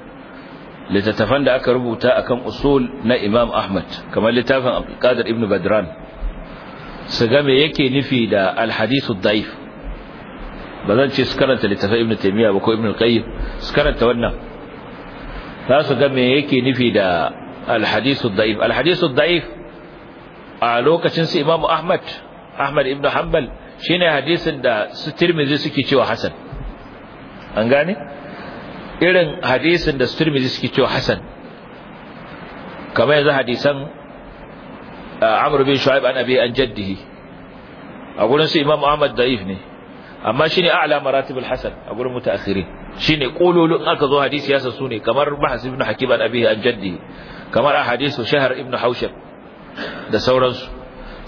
littattafan da aka rubuta akan usul na Imam Ahmad kamar littafin Abdulkadir ibn Badran su ga me yake nufi da al-hadithu da'if ba zan ce su karanta littafin Ibn Taymiyyah ba ko Ibn Qayyim su karanta wannan ta su ga me yake nufi da al-hadithu da'if al-hadithu da'if a lokacin su Imam Ahmad Ahmad ibn Hanbal shine hadisin da su Tirmidhi suke cewa hasan an gane irin hadisin da Tirmidhi suke cewa Hassan kamar yanzu hadisan uh, Amr bin Shu'aib an abi an jaddihi a gurin su Imam Ahmad da'if ne amma shine a'la maratibul Hassan a gurin mutaakhirin shine qululun aka zo hadisi yasa ne kamar Bahs ibn Hakim an abi an jaddihi kamar a hadisu Shahr ibn Haushab da sauransu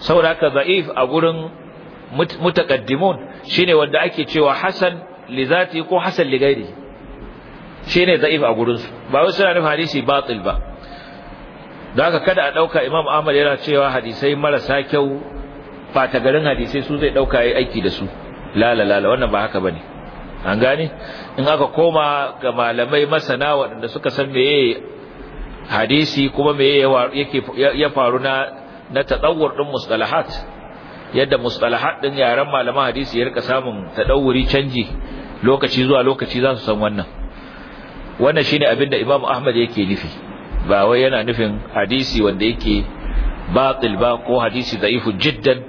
saboda haka da'if a gurin mutaqaddimun shine wanda ake cewa Hassan li zati ko Hassan li ghairihi shine da'if a gurin su ba wai suna nufin hadisi batil ba don haka kada a ɗauka imam ahmad yana cewa hadisai marasa kyau ba garin hadisai su zai ɗauka yi aiki da su lala lala wannan ba haka bane an gane in aka koma ga malamai masana waɗanda suka san meye hadisi kuma meye ya faru na na tadawwur din mustalahat yadda mustalahat ɗin yaren malaman hadisi ya rika samun tadawuri canji lokaci zuwa lokaci za su san wannan wannan shine abin da Imam Ahmad yake nufi ba wai yana nufin hadisi wanda yake batil ba ko hadisi da'ifu jiddan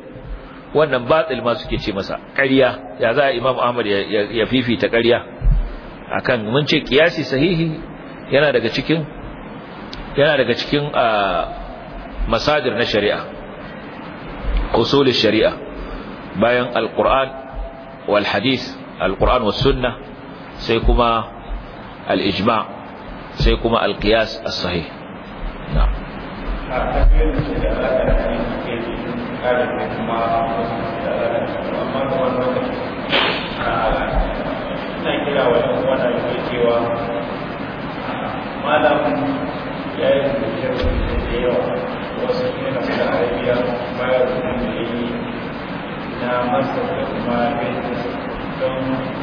wannan batil ma suke ce masa ƙarya ya za Imam Ahmad ya fifita ƙarya akan mun ce kiyasi sahihi yana daga cikin yana daga cikin masajir na shari'a usul shari'a bayan alquran wal hadith alquran was sunna sai kuma al-ijma sai kuma al-qiyas as-sahih na'am ya yi da yawa wasu na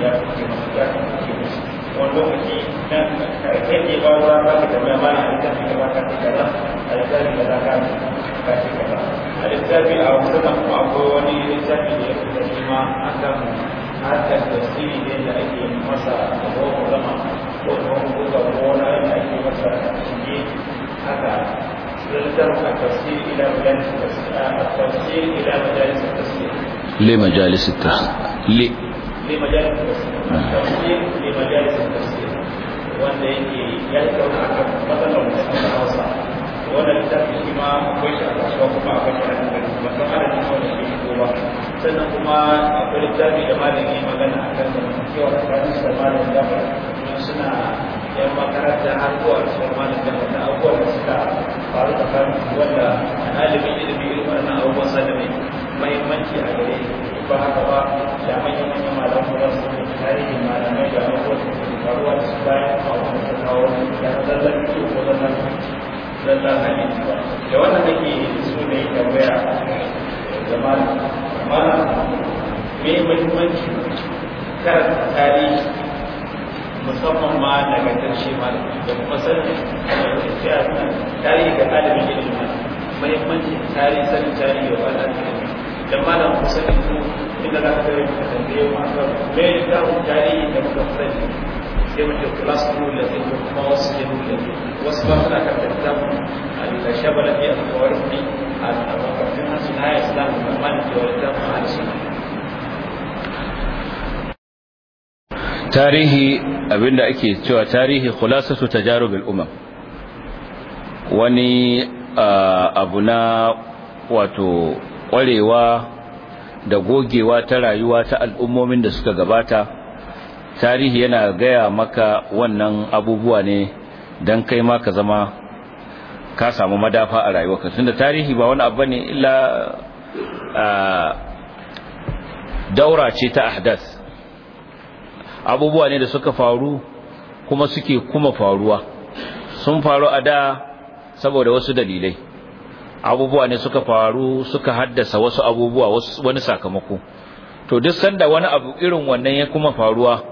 ya a ma kan ne da ake masa لمجالس التفسير لمجالس التفسير لمجالس التفسير wanda yake ya tattauna a kan matsalar musamman hausa wanda littafin shi ma akwai shi a kasuwa kuma akwai shi a nan gari ba san adadin wanda ke shigo ba sannan kuma akwai littafi da malam ya magana a kan zamantakewa tsakanin su da malam jafar suna yan makaranta har zuwa su da malam jafar da abubuwan da suka faru tsakanin wanda ɗalibin mahimmanci a gare ba haka ba da manyan manyan malamu da su ne tarihin malamai da mafi da su bayan a wani kawo da zallar ke ko zallar zallar hadisi ba da wannan nake so da yi da malam malam me karanta tarihi musamman ma daga ƙarshe da kuma sanin tarihi da ɗalibin ilimin muhimmancin tarihi tarihi idan malam kusa ne inda za ka yi da tambaye mu akan me da ku tarihi da muka sani sai mu kula class rule da kuma kuma wasu ne rule wasu ba suna kan da ta mu alila shabala bi al qawarfi al abakatun hasu na islam amma ne ke ta al sunna tarihi abinda ake cewa tarihi khulasatu tajarubil umam wani ah, abu na wato kwarewa da gogewa ta rayuwa ta al'ummomin da suka gabata tarihi yana gaya maka wannan abubuwa ne don kai ma ka zama ka samu madafa a rayuwarka da tarihi ba wani abu ne illa daura ce ta ahdas abubuwa ne da suka faru kuma suke kuma faruwa sun faru a da saboda wasu dalilai abubuwa ne suka faru suka haddasa wasu abubuwa wani sakamako to duk sanda wani abu irin wannan ya kuma faruwa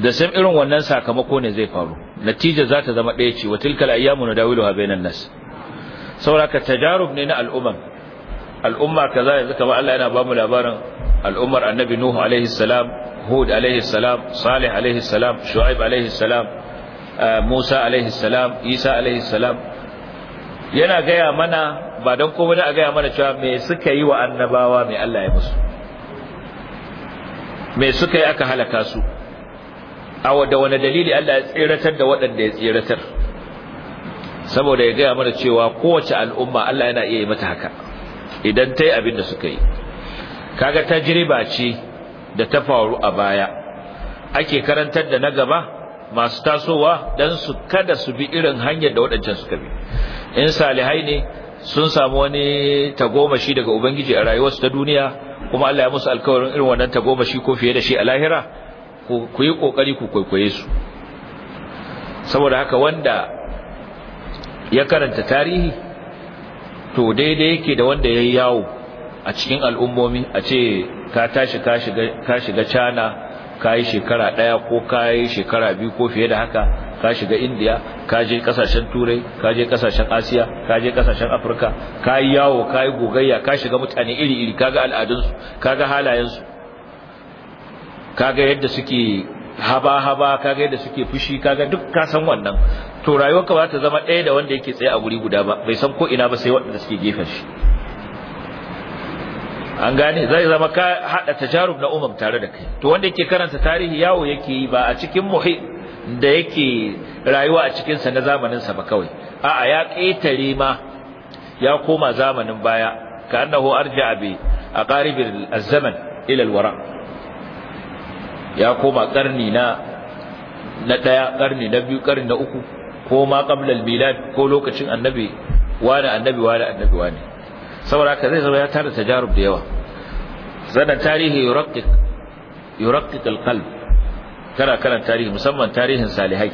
da sam irin wannan sakamako ne zai faru natija za ta zama ɗaya ce wa tilkal ayyamu nadawiluha bainan nas sauraka tajarub ne na al'umma al'umma kaza yanzu kamar Allah yana ba mu labarin al'ummar annabi nuhu alaihi salam hud alaihi salam salih alaihi salam shu'aib alaihi salam eh, musa alaihi salam isa alaihi salam yana gaya mana ba don komai da a gaya mana cewa me suka yi wa annabawa me Allah ya musu me suka yi aka halaka su a da wani dalili Allah ya tseratar da waɗanda ya tseratar saboda ya gaya mana cewa kowace al'umma Allah yana iya yi mata haka idan ta yi abin da suka yi kaga tajriba ce da ta faru a baya ake karantar da na gaba masu tasowa dan su kada su bi irin hanyar da waɗancan suka bi in salihai ne sun samu wani tagomashi daga ubangiji a rayuwarsu ta duniya kuma Allah ya musu alkawarin irin wannan tagomashi ko fiye da shi a lahira ku yi kokari ku kwaikwaye su saboda haka wanda ya karanta tarihi to daidai yake da wanda ya yi yawo a cikin al'ummomi a ce ka tashi ka shiga cana ka yi shekara ɗaya ko ka yi shekara biyu ko fiye da haka ka shiga indiya ka je kasashen turai ka je kasashen asiya ka je kasashen afirka ka yi yawo ka yi gogayya ka shiga mutane iri-iri ka ga al'adunsu ka ga halayensu ka ga yadda suke haba-haba ka ga yadda suke fushi ka ga duk ka san wannan to rayuwarka ba ta zama ɗaya da wanda yake tsaye a guri guda ba bai san ko ina ba sai waɗanda suke gefen shi an gane zai zama ka hada tajarub na umar tare da kai to wanda yake karanta tarihi yawo yake yi ba a cikin muhimmi. da yake rayuwa a cikinsa na zamaninsa ba kawai a'a ya ƙetare ma ya koma zamanin baya ka annahu arja bi aqaribir az-zaman ila al-wara ya koma karni na na daya karni na biyu karni na uku ko ma qabla al-milad ko lokacin annabi wani annabi wani annabi wani saboda haka zai zama ya tara tajarub da yawa sanan tarihi yuraqqiq yuraqqiq al-qalb kana karan tarihi musamman tarihin salihai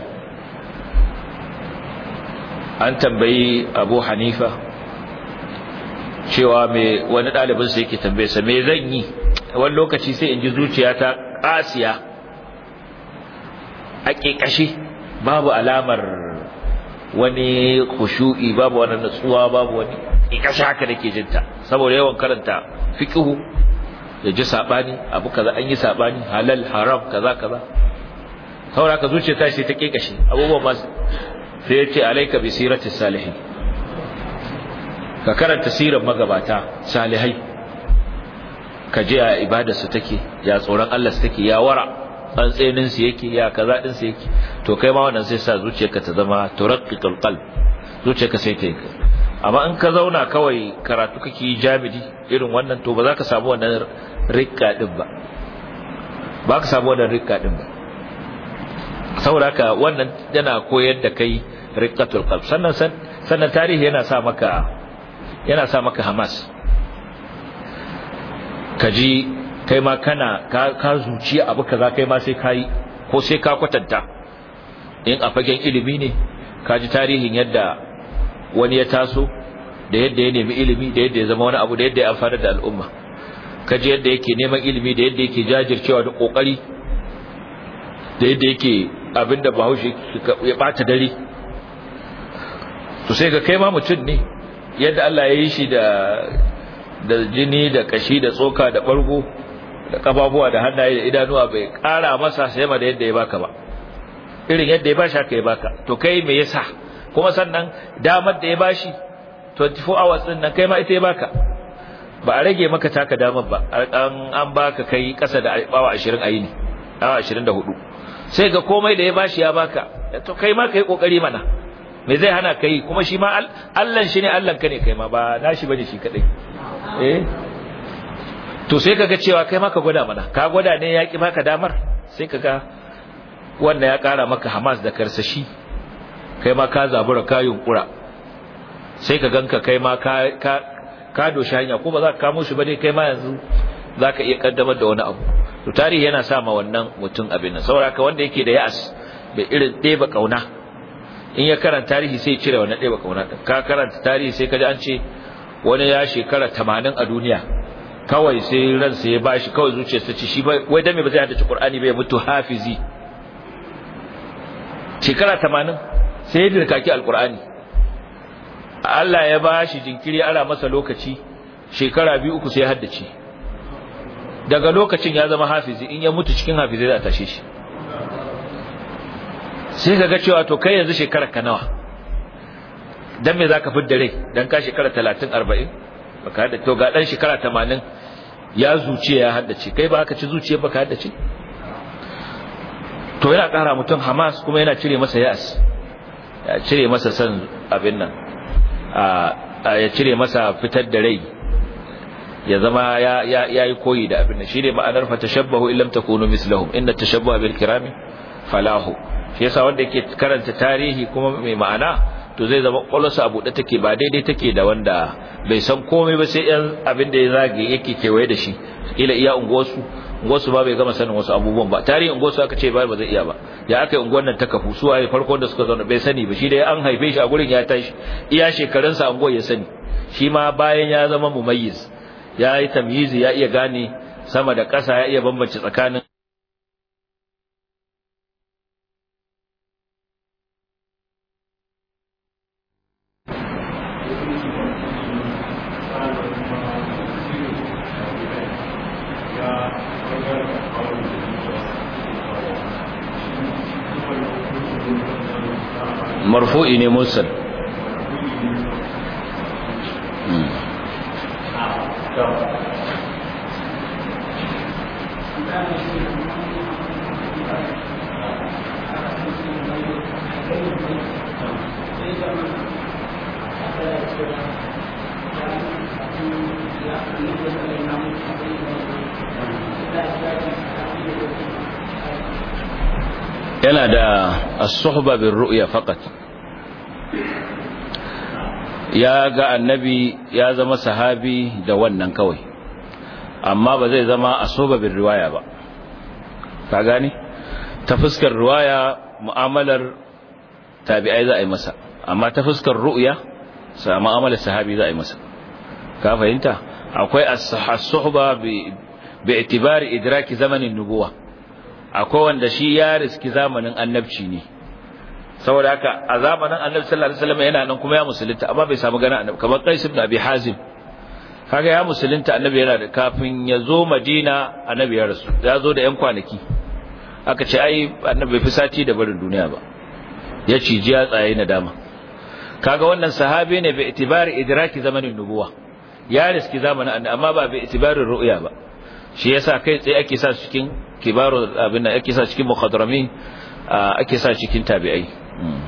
an tambayi abu hanifa cewa me wani ɗalibinsa yake tambaye sa me zan yi wani lokaci sai in ji ta ƙasiya a ƙiƙashi babu alamar wani kushu'i babu wani natsuwa babu wani ƙiƙashi haka da ke jinta saboda yawan karanta fiƙihu da ji saɓani abu kaza an yi saɓani halal haram kaza kaza kawai ka zuciya ta shi ta kekashe abubuwan ba sai ya ce alaika bi sirati salihin ka karanta sirar magabata salihai ka je a ibadarsu take ya tsoron Allah su take ya wara tsantsenin su yake ya kaza din su yake to kai ma wannan sai sa zuciyarka ta zama turaqqiqul qalb zuciyarka sai ta yi. amma in ka zauna kawai karatu kake yi jamidi irin wannan to ba za ka samu wannan rikka din ba ba ka samu wannan rikka din ba sauraka wannan yana koyar da kai riqatul qalb sannan sannan tarihi yana sa maka yana sa maka hamas kaji kai ma kana ka, ka zuci abu kaza kai ma sai kai ko sai ka kwatanta in a fagen ilimi ne kaji tarihin yadda wani ya taso da yadda ya nemi ilimi da yadda ya zama wani abu da yadda ya amfana da al'umma kaji yadda yake neman ilimi da yadda yake jajircewa da kokari da yadda yake abinda bahaushe ya bata dare to sai ga kai ma mutum ne yadda Allah ya yi shi da da jini da kashi da tsoka da bargo da kafafuwa da hannaye da idanuwa bai kara masa sai ma da yadda ya baka ba irin yadda ya bashi haka ya baka to kai me yasa kuma sannan damar da ya bashi 24 hours din nan kai ma ita ya baka ba a rage maka taka damar ba an an baka kai kasa da awa 20 ayi ne awa hudu. sai ga komai da ya bashi ya baka to kai ma kai kokari mana me zai hana kai kuma shi ma Allah shi ne Allah ka ne kai ma ba nashi bane shi kadai eh to sai kaga cewa kai ma ka gwada mana ka gwada ne yaki maka baka damar sai kaga wanda ya kara maka Hamas da karsashi kai ma ka zabura ka yunkura sai ka ganka kai ma ka ka doshi hanya ko ba za ka kamo shi bane kai ma yanzu za ka iya kaddamar da wani abu to tarihi yana sa ma wannan mutum abin nan saboda ka wanda yake da ya'as bai irin ɗeba kauna in ya karanta tarihi sai ya cire wannan ɗeba kauna din ka karanta tarihi sai ka ji an ce wani ya shekara 80 a duniya kawai sai ransa ya bashi kawai zuciyarsa ci shi wai dan me ba zai hada Qur'ani bai mutu hafizi shekara 80 sai ya dirkaki alqur'ani Allah ya bashi jinkiri ara masa lokaci shekara biyu uku sai ya haddace daga lokacin ya zama hafizi in ya mutu cikin hafizi za a tashe shi sai ga cewa to kai yanzu shekarar ka nawa dan me zaka fidda rai dan ka shekara 30 40 baka hada to ga dan shekara 80 ya zuciya ya haddace kai ba ka ci zuciya baka haddace to yana kara mutum hamas kuma yana cire masa Yas, ya cire masa san abin nan ya cire masa fitar da rai ya zama ya ya yi koyi da abin shi ne ma'anar fa tashabbahu illam takunu mislahum inna tashabbaha bil kirami falahu shi yasa wanda yake karanta tarihi kuma mai ma'ana to zai zama kwalwarsa a buɗe take ba daidai take da wanda bai san komai ba sai yan abin da ya zage yake kewaye da shi ila iya unguwarsu unguwarsu ba bai gama sanin wasu abubuwan ba tarihin unguwarsu aka ce ba ba zai iya ba ya aka yi unguwar nan ta kafu su waye farko da suka zauna bai sani ba shi dai an haife shi a gurin ya tashi iya shekarunsa unguwar ya sani shi ma bayan ya zama mumayyiz ya yi tamyizi ya iya gane sama da ƙasa ya iya bambance tsakanin marfu'i ne mursal ba bin ru'ya faqat ya ga annabi ya zama sahabi da wannan kawai amma ba zai zama asoba bin riwaya ba ka gani ta fuskar riwaya mu'amalar tabi'ai za a yi masa amma ta fuskar ru'ya sa mu'amalar sahabi za a yi masa ka fahimta akwai as-suhba bi bi'tibari idraki zamanin nubuwa akwai wanda shi ya riski zamanin annabci ne saboda haka a zamanin annabi sallallahu alaihi wasallam yana nan kuma ya musulunta amma bai samu gana annabi kamar qais ibn abi hazim kaga ya musulunta annabi yana da kafin ya zo madina annabi ya rasu ya zo da yan kwanaki aka ce ai annabi bai fi sati da barin duniya ba ya ci jiya tsaye na dama kaga wannan sahabi ne bai itibari idraki zamanin nubuwa ya riski zamanin annabi amma ba bai itibari ru'ya ba shi yasa kai tsaye ake sa cikin kibaru abin nan ake sa cikin muhadrami ake sa cikin tabi'ai Hmm.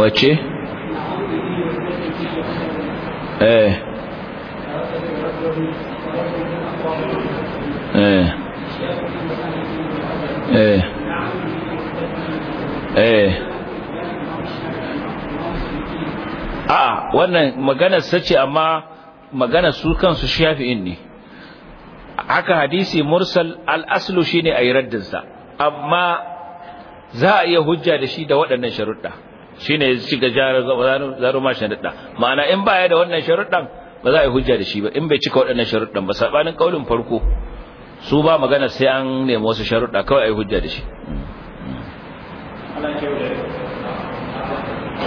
wace? eh eh eh eh a ah, wannan maganar sace amma maganar su kansu shafi'in ne haka hadisi mursal al-aslu shine ayi raddin sa amma za a iya hujja da shi da waɗannan sharuɗa shine shiga zaro ma sharuɗa ma'ana in baya da wannan sharuɗan ba za a yi hujja da shi ba in bai cika waɗannan sharuɗan ba sabanin kaulin farko su ba magana sai an nemi wasu sharuɗa kawai a yi hujja da shi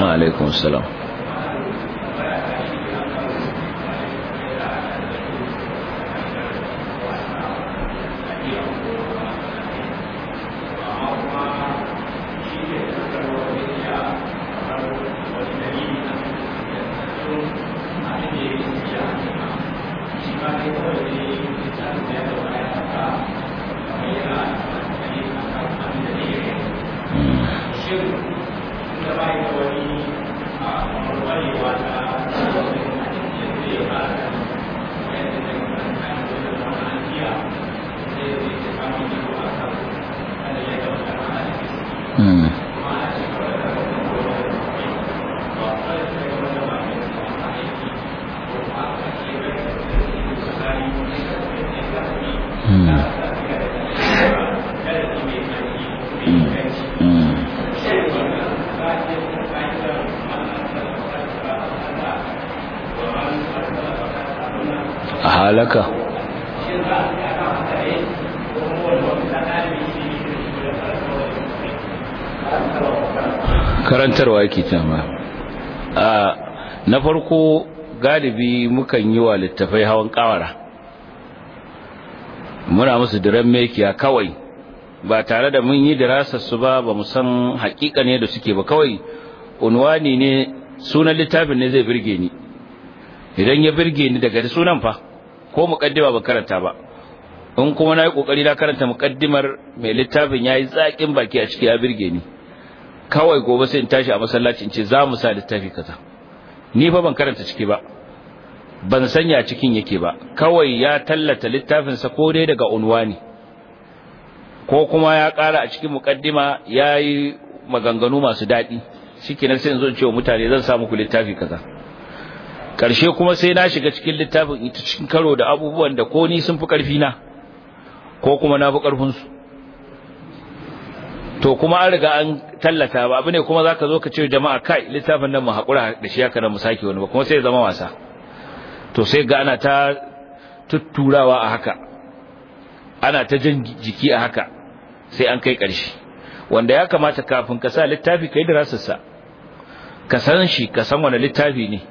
alaikum salam karantarwa yake ta a na farko galibi mukan yi wa littafai hawan kawara muna musu diran mekiya kawai ba tare da mun yi dirasarsu ba ba mu san hakika ne da suke ba kawai unwani ne sunan littafin ne zai birge ni idan ya birge ni daga sunan fa ko muqaddima ba karanta ba in kuma na yi kokari na karanta muqaddimar mai littafin ya yi zakin baki a ciki ya birge ni kawai gobe sai in tashi a masallaci in ce za mu sa littafi kaza ni fa ban karanta ciki ba ban sanya cikin yake ba kawai ya tallata littafin sa ko dai daga unwani ko kuma ya ƙara a cikin mukaddima ya yi maganganu masu daɗi shikenan sai in zo in ce wa mutane zan sa muku littafi kaza ƙarshe kuma sai na shiga cikin littafin ita cikin karo da abubuwan da ko ni sun fi ƙarfi na ko kuma na fi ƙarfinsu to kuma an riga an tallata ba abu ne kuma za ka zo ka ce jama'a kai littafin nan mu hakura da shi haka nan mu sake wani ba kuma sai ya zama wasa to sai ga ana ta tutturawa a haka ana ta jan jiki a haka sai an kai ƙarshe wanda ya kamata kafin ka sa littafi kai da rasarsa ka san shi ka san wani littafi ne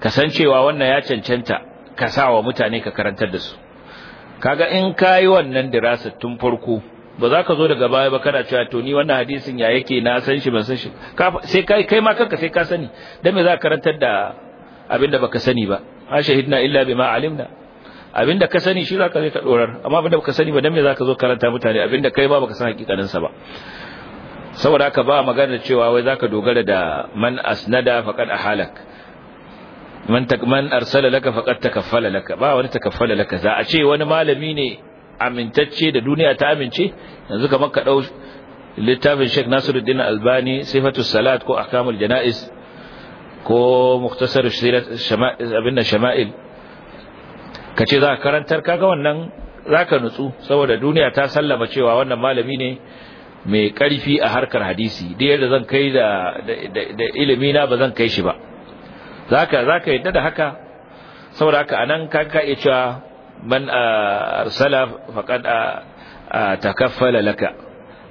ka san cewa wannan ya cancanta ka sa wa mutane ka karantar da su kaga in kayi wannan dirasa tun farko ba za ka zo daga baya ba kana cewa to ni wannan hadisin ya yake na san shi ban san shi sai kai kai ma kanka sai ka sani dan me za ka karantar da abinda baka sani ba a shahidna illa bima alimna abinda ka sani shi za ka zai ka dorar amma abinda baka sani ba dan me za ka zo karanta mutane abinda kai ba baka san hakikanin sa ba saboda haka ba magana cewa wai zaka dogara da man asnada faqad ahalak man tak man arsala laka faqad takaffala laka ba wani takaffala laka za a ce wani malami ne amintacce da duniya ta amince yanzu kamar ka dau littafin Sheikh Nasiruddin Albani Sifatus Salat ko Ahkamul Janaiz ko Mukhtasar Abinna Shama'il kace za ka karantar kaga wannan zaka nutsu saboda duniya ta sallama cewa wannan malami ne mai karfi a harkar hadisi da yadda zan kai da da ilimi na ba zan kai shi ba zaka zaka yadda da haka saboda haka anan kaga ka iya cewa man arsala faqad takaffala laka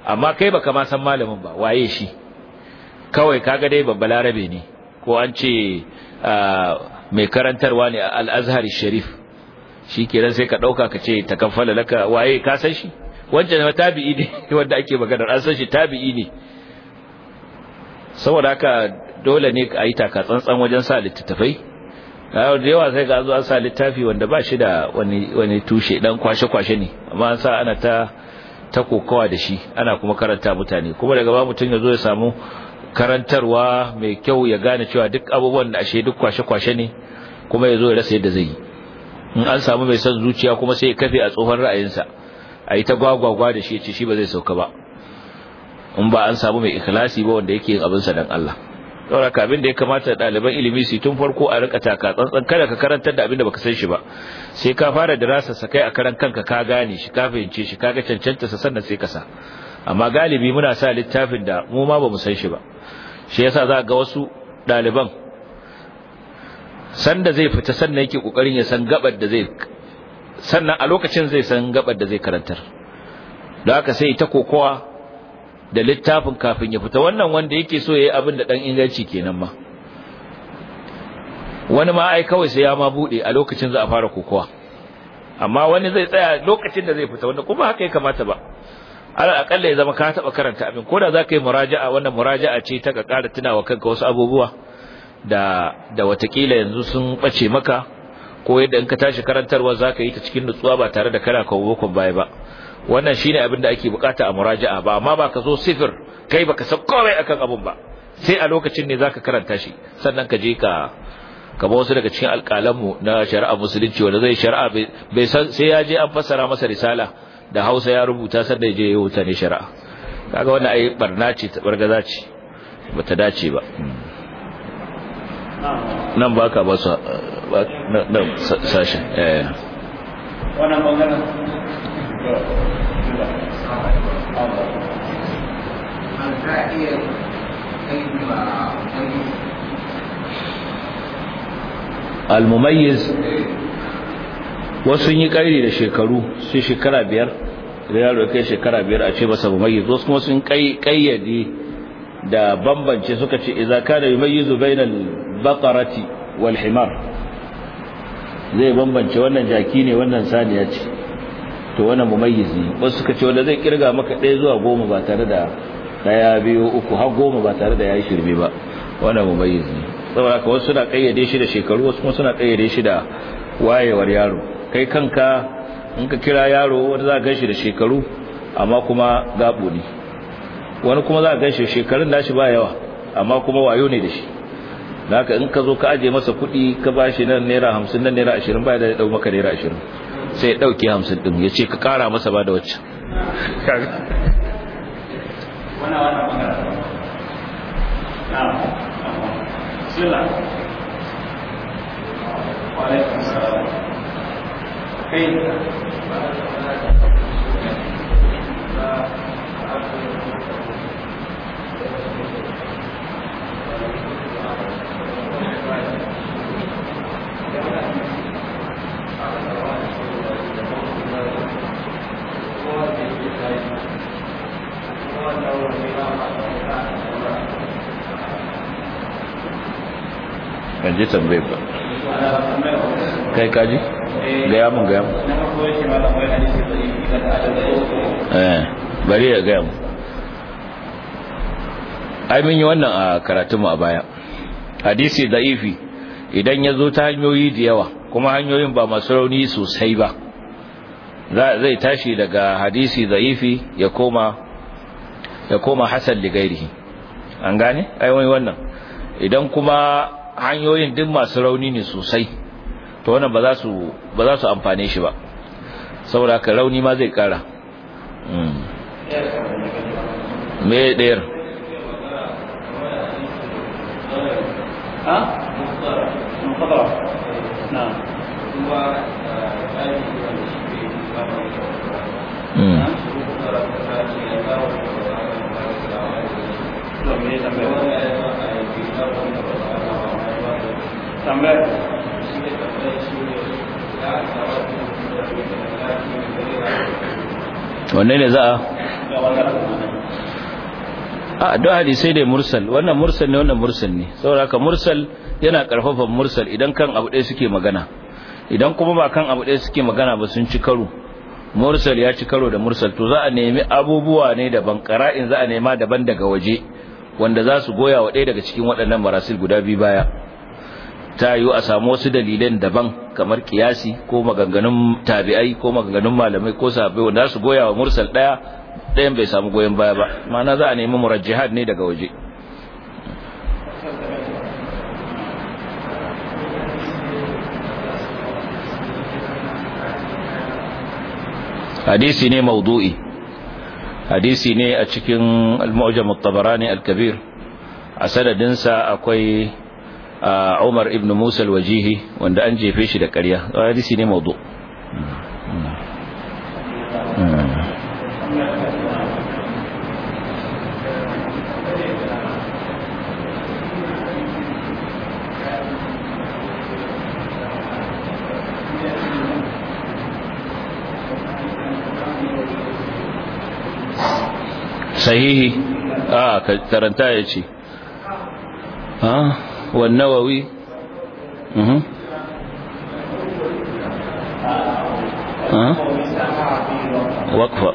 amma kai baka ma san malamin ba waye shi kawai kaga dai babba larabe ne ko an ce mai karantarwa ne al-azhar sharif shi kenan sai ka dauka ka ce takaffala laka waye ka san shi na tabi'i ne wanda ake magana an san shi tabi'i ne saboda haka dole ne a yi taka wajen sa littattafai da yawa sai ga zuwa sa littafi wanda ba shi da wani wani tushe dan kwashe-kwashe ne amma an sa ana ta ta kokawa da shi ana kuma karanta mutane kuma daga ba mutum ya zo ya samu karantarwa mai kyau ya gane cewa duk abubuwan da ashe duk kwashe-kwashe ne kuma ya zo ya rasa yadda zai yi in an samu mai son zuciya kuma sai ya kafe a tsohon ra'ayinsa a yi ta gwagwagwa da shi ya ce shi ba zai sauka ba in ba an samu mai ikhlasi ba wanda yake yin abinsa don Allah saboda ka abin da ya kamata ɗaliban ilimi su tun farko a rika taka tsantsan kada ka karanta da abin da baka san shi ba sai ka fara dirasa sa kai a karan kanka ka gane shi ka fahimce shi ka ga cancanta sa sannan sai ka sa amma galibi muna sa littafin da mu ma bamu san shi ba shi yasa za ga wasu ɗaliban sanda zai fita sannan yake kokarin ya san gabar da zai sannan a lokacin zai san gabar da zai karantar da haka sai ta kokowa da littafin kafin ya fita wannan wanda yake so yayi abin da dan inganci kenan ma wani ma ai kawai sai ya ma bude a lokacin za a fara kokowa amma wani zai tsaya lokacin da zai fita wanda kuma haka ya kamata ba ala akalla ya zama ka taba karanta abin koda zaka yi muraja'a wannan muraja'a ce ta ka ƙara tunawa kanka wasu abubuwa da da watakila yanzu sun bace maka ko yadda in ka tashi karantarwa zaka yi ta cikin nutsuwa ba tare da kana kawo bakon baya ba wannan shine abin da ake bukata a muraja'a ba amma ba ka zo sifir kai baka san komai akan abun ba sai a lokacin ne zaka karanta shi sannan ka je ka kaba wasu daga cikin alƙalan mu na shari'a musulunci wanda zai shari'a bai san sai ya je an fassara masa risala da Hausa ya rubuta sannan ya je ya huta ne shari'a kaga wannan ai barna ce ta bargaza ce bata dace ba nan baka ba su sashen eh wannan bangaren al wasu yi kairi da shekaru sai shekara biyar da yaro kai shekara biyar a ce masa mumayyiz wasu kuma sun kayyade da bambance suka ce idza kana yumayyizu bainal baqarati wal himar zai bambance wannan jaki ne wannan saniya ce to wannan mumayyizi wasu suka ce wanda zai kirga maka ɗaya zuwa goma ba tare da ɗaya biyu uku har goma ba tare da ya yi shirme ba wannan mumayyizi saboda ka wasu suna ƙayyade shi da shekaru wasu kuma suna ƙayyade shi da wayewar yaro kai kanka in ka kira yaro wanda za ka gan shi da shekaru amma kuma gaɓo ne wani kuma za ka gan shi shekarun nashi ba yawa amma kuma wayo ne da shi naka in ka zo ka aje masa kuɗi ka ba shi nan naira hamsin nan naira ashirin ba da ya ɗau maka naira ashirin sai ya ɗauke hamsin ɗin ya ce ka ƙara masa ba da wacce ban ji ba kai kaji gaya mun gaya mun eh bari ya gaya mun ai mun yi wannan a karatunmu a baya hadisi da'ifi idan ya zo ta hanyoyi da yawa kuma hanyoyin ba masu rauni sosai ba zai tashi daga hadisi da'ifi ya koma ya koma hasan ligairihi an gane ai wani wannan idan kuma hanyoyin duk masu rauni ne sosai to wannan ba za su ba za su amfane shi ba saboda ka rauni ma zai kara hmm. me ɗayar Mm. tambaya ne wanne za a a don hadisai da mursal wannan mursal ne wannan mursal ne saboda ka mursal yana karfafan mursal idan kan abu ɗaya suke magana idan kuma ba kan abu ɗaya suke magana ba sun ci karo mursal ya ci karo da mursal to za a nemi abubuwa ne daban ƙara'in za a nema daban daga waje wanda za su goya wa ɗaya daga cikin waɗannan marasil guda biyu baya ta yiwu a samu wasu dalilan daban kamar kiyasi ko maganganun tabi'ai ko maganganun malamai ko sabai wanda su goya wa mursal daya dayan bai samu goyon baya ba ma'ana za a nemi murajjihad ne daga waje hadisi ne maudu'i hadisi ne a cikin al-mu'jam at-tabarani al-kabir a sanadinsa akwai Umar ibn Musa al-Wajihi wanda an jefe shi da ƙarya hadisi ne mawdu sahihi a karanta ya ce والنووي أه. أه. وقفة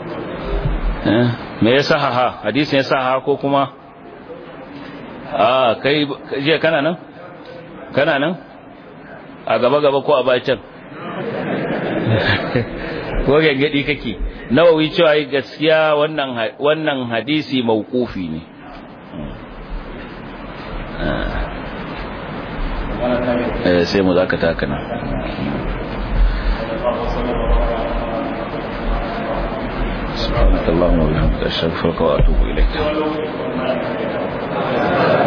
أه. me ya sahaha hadisin yasa sahaha ko kuma ah kai je kana nan kana nan a gaba gaba ko a bacan ko gangadi kake nawawi cewa gaskiya wannan wannan hadisi mauqufi ne Eh, sai mu dakata سبحانك اللهم وبحمدك أشهد أن لا إله إلا أنت أستغفرك وأتوب إليك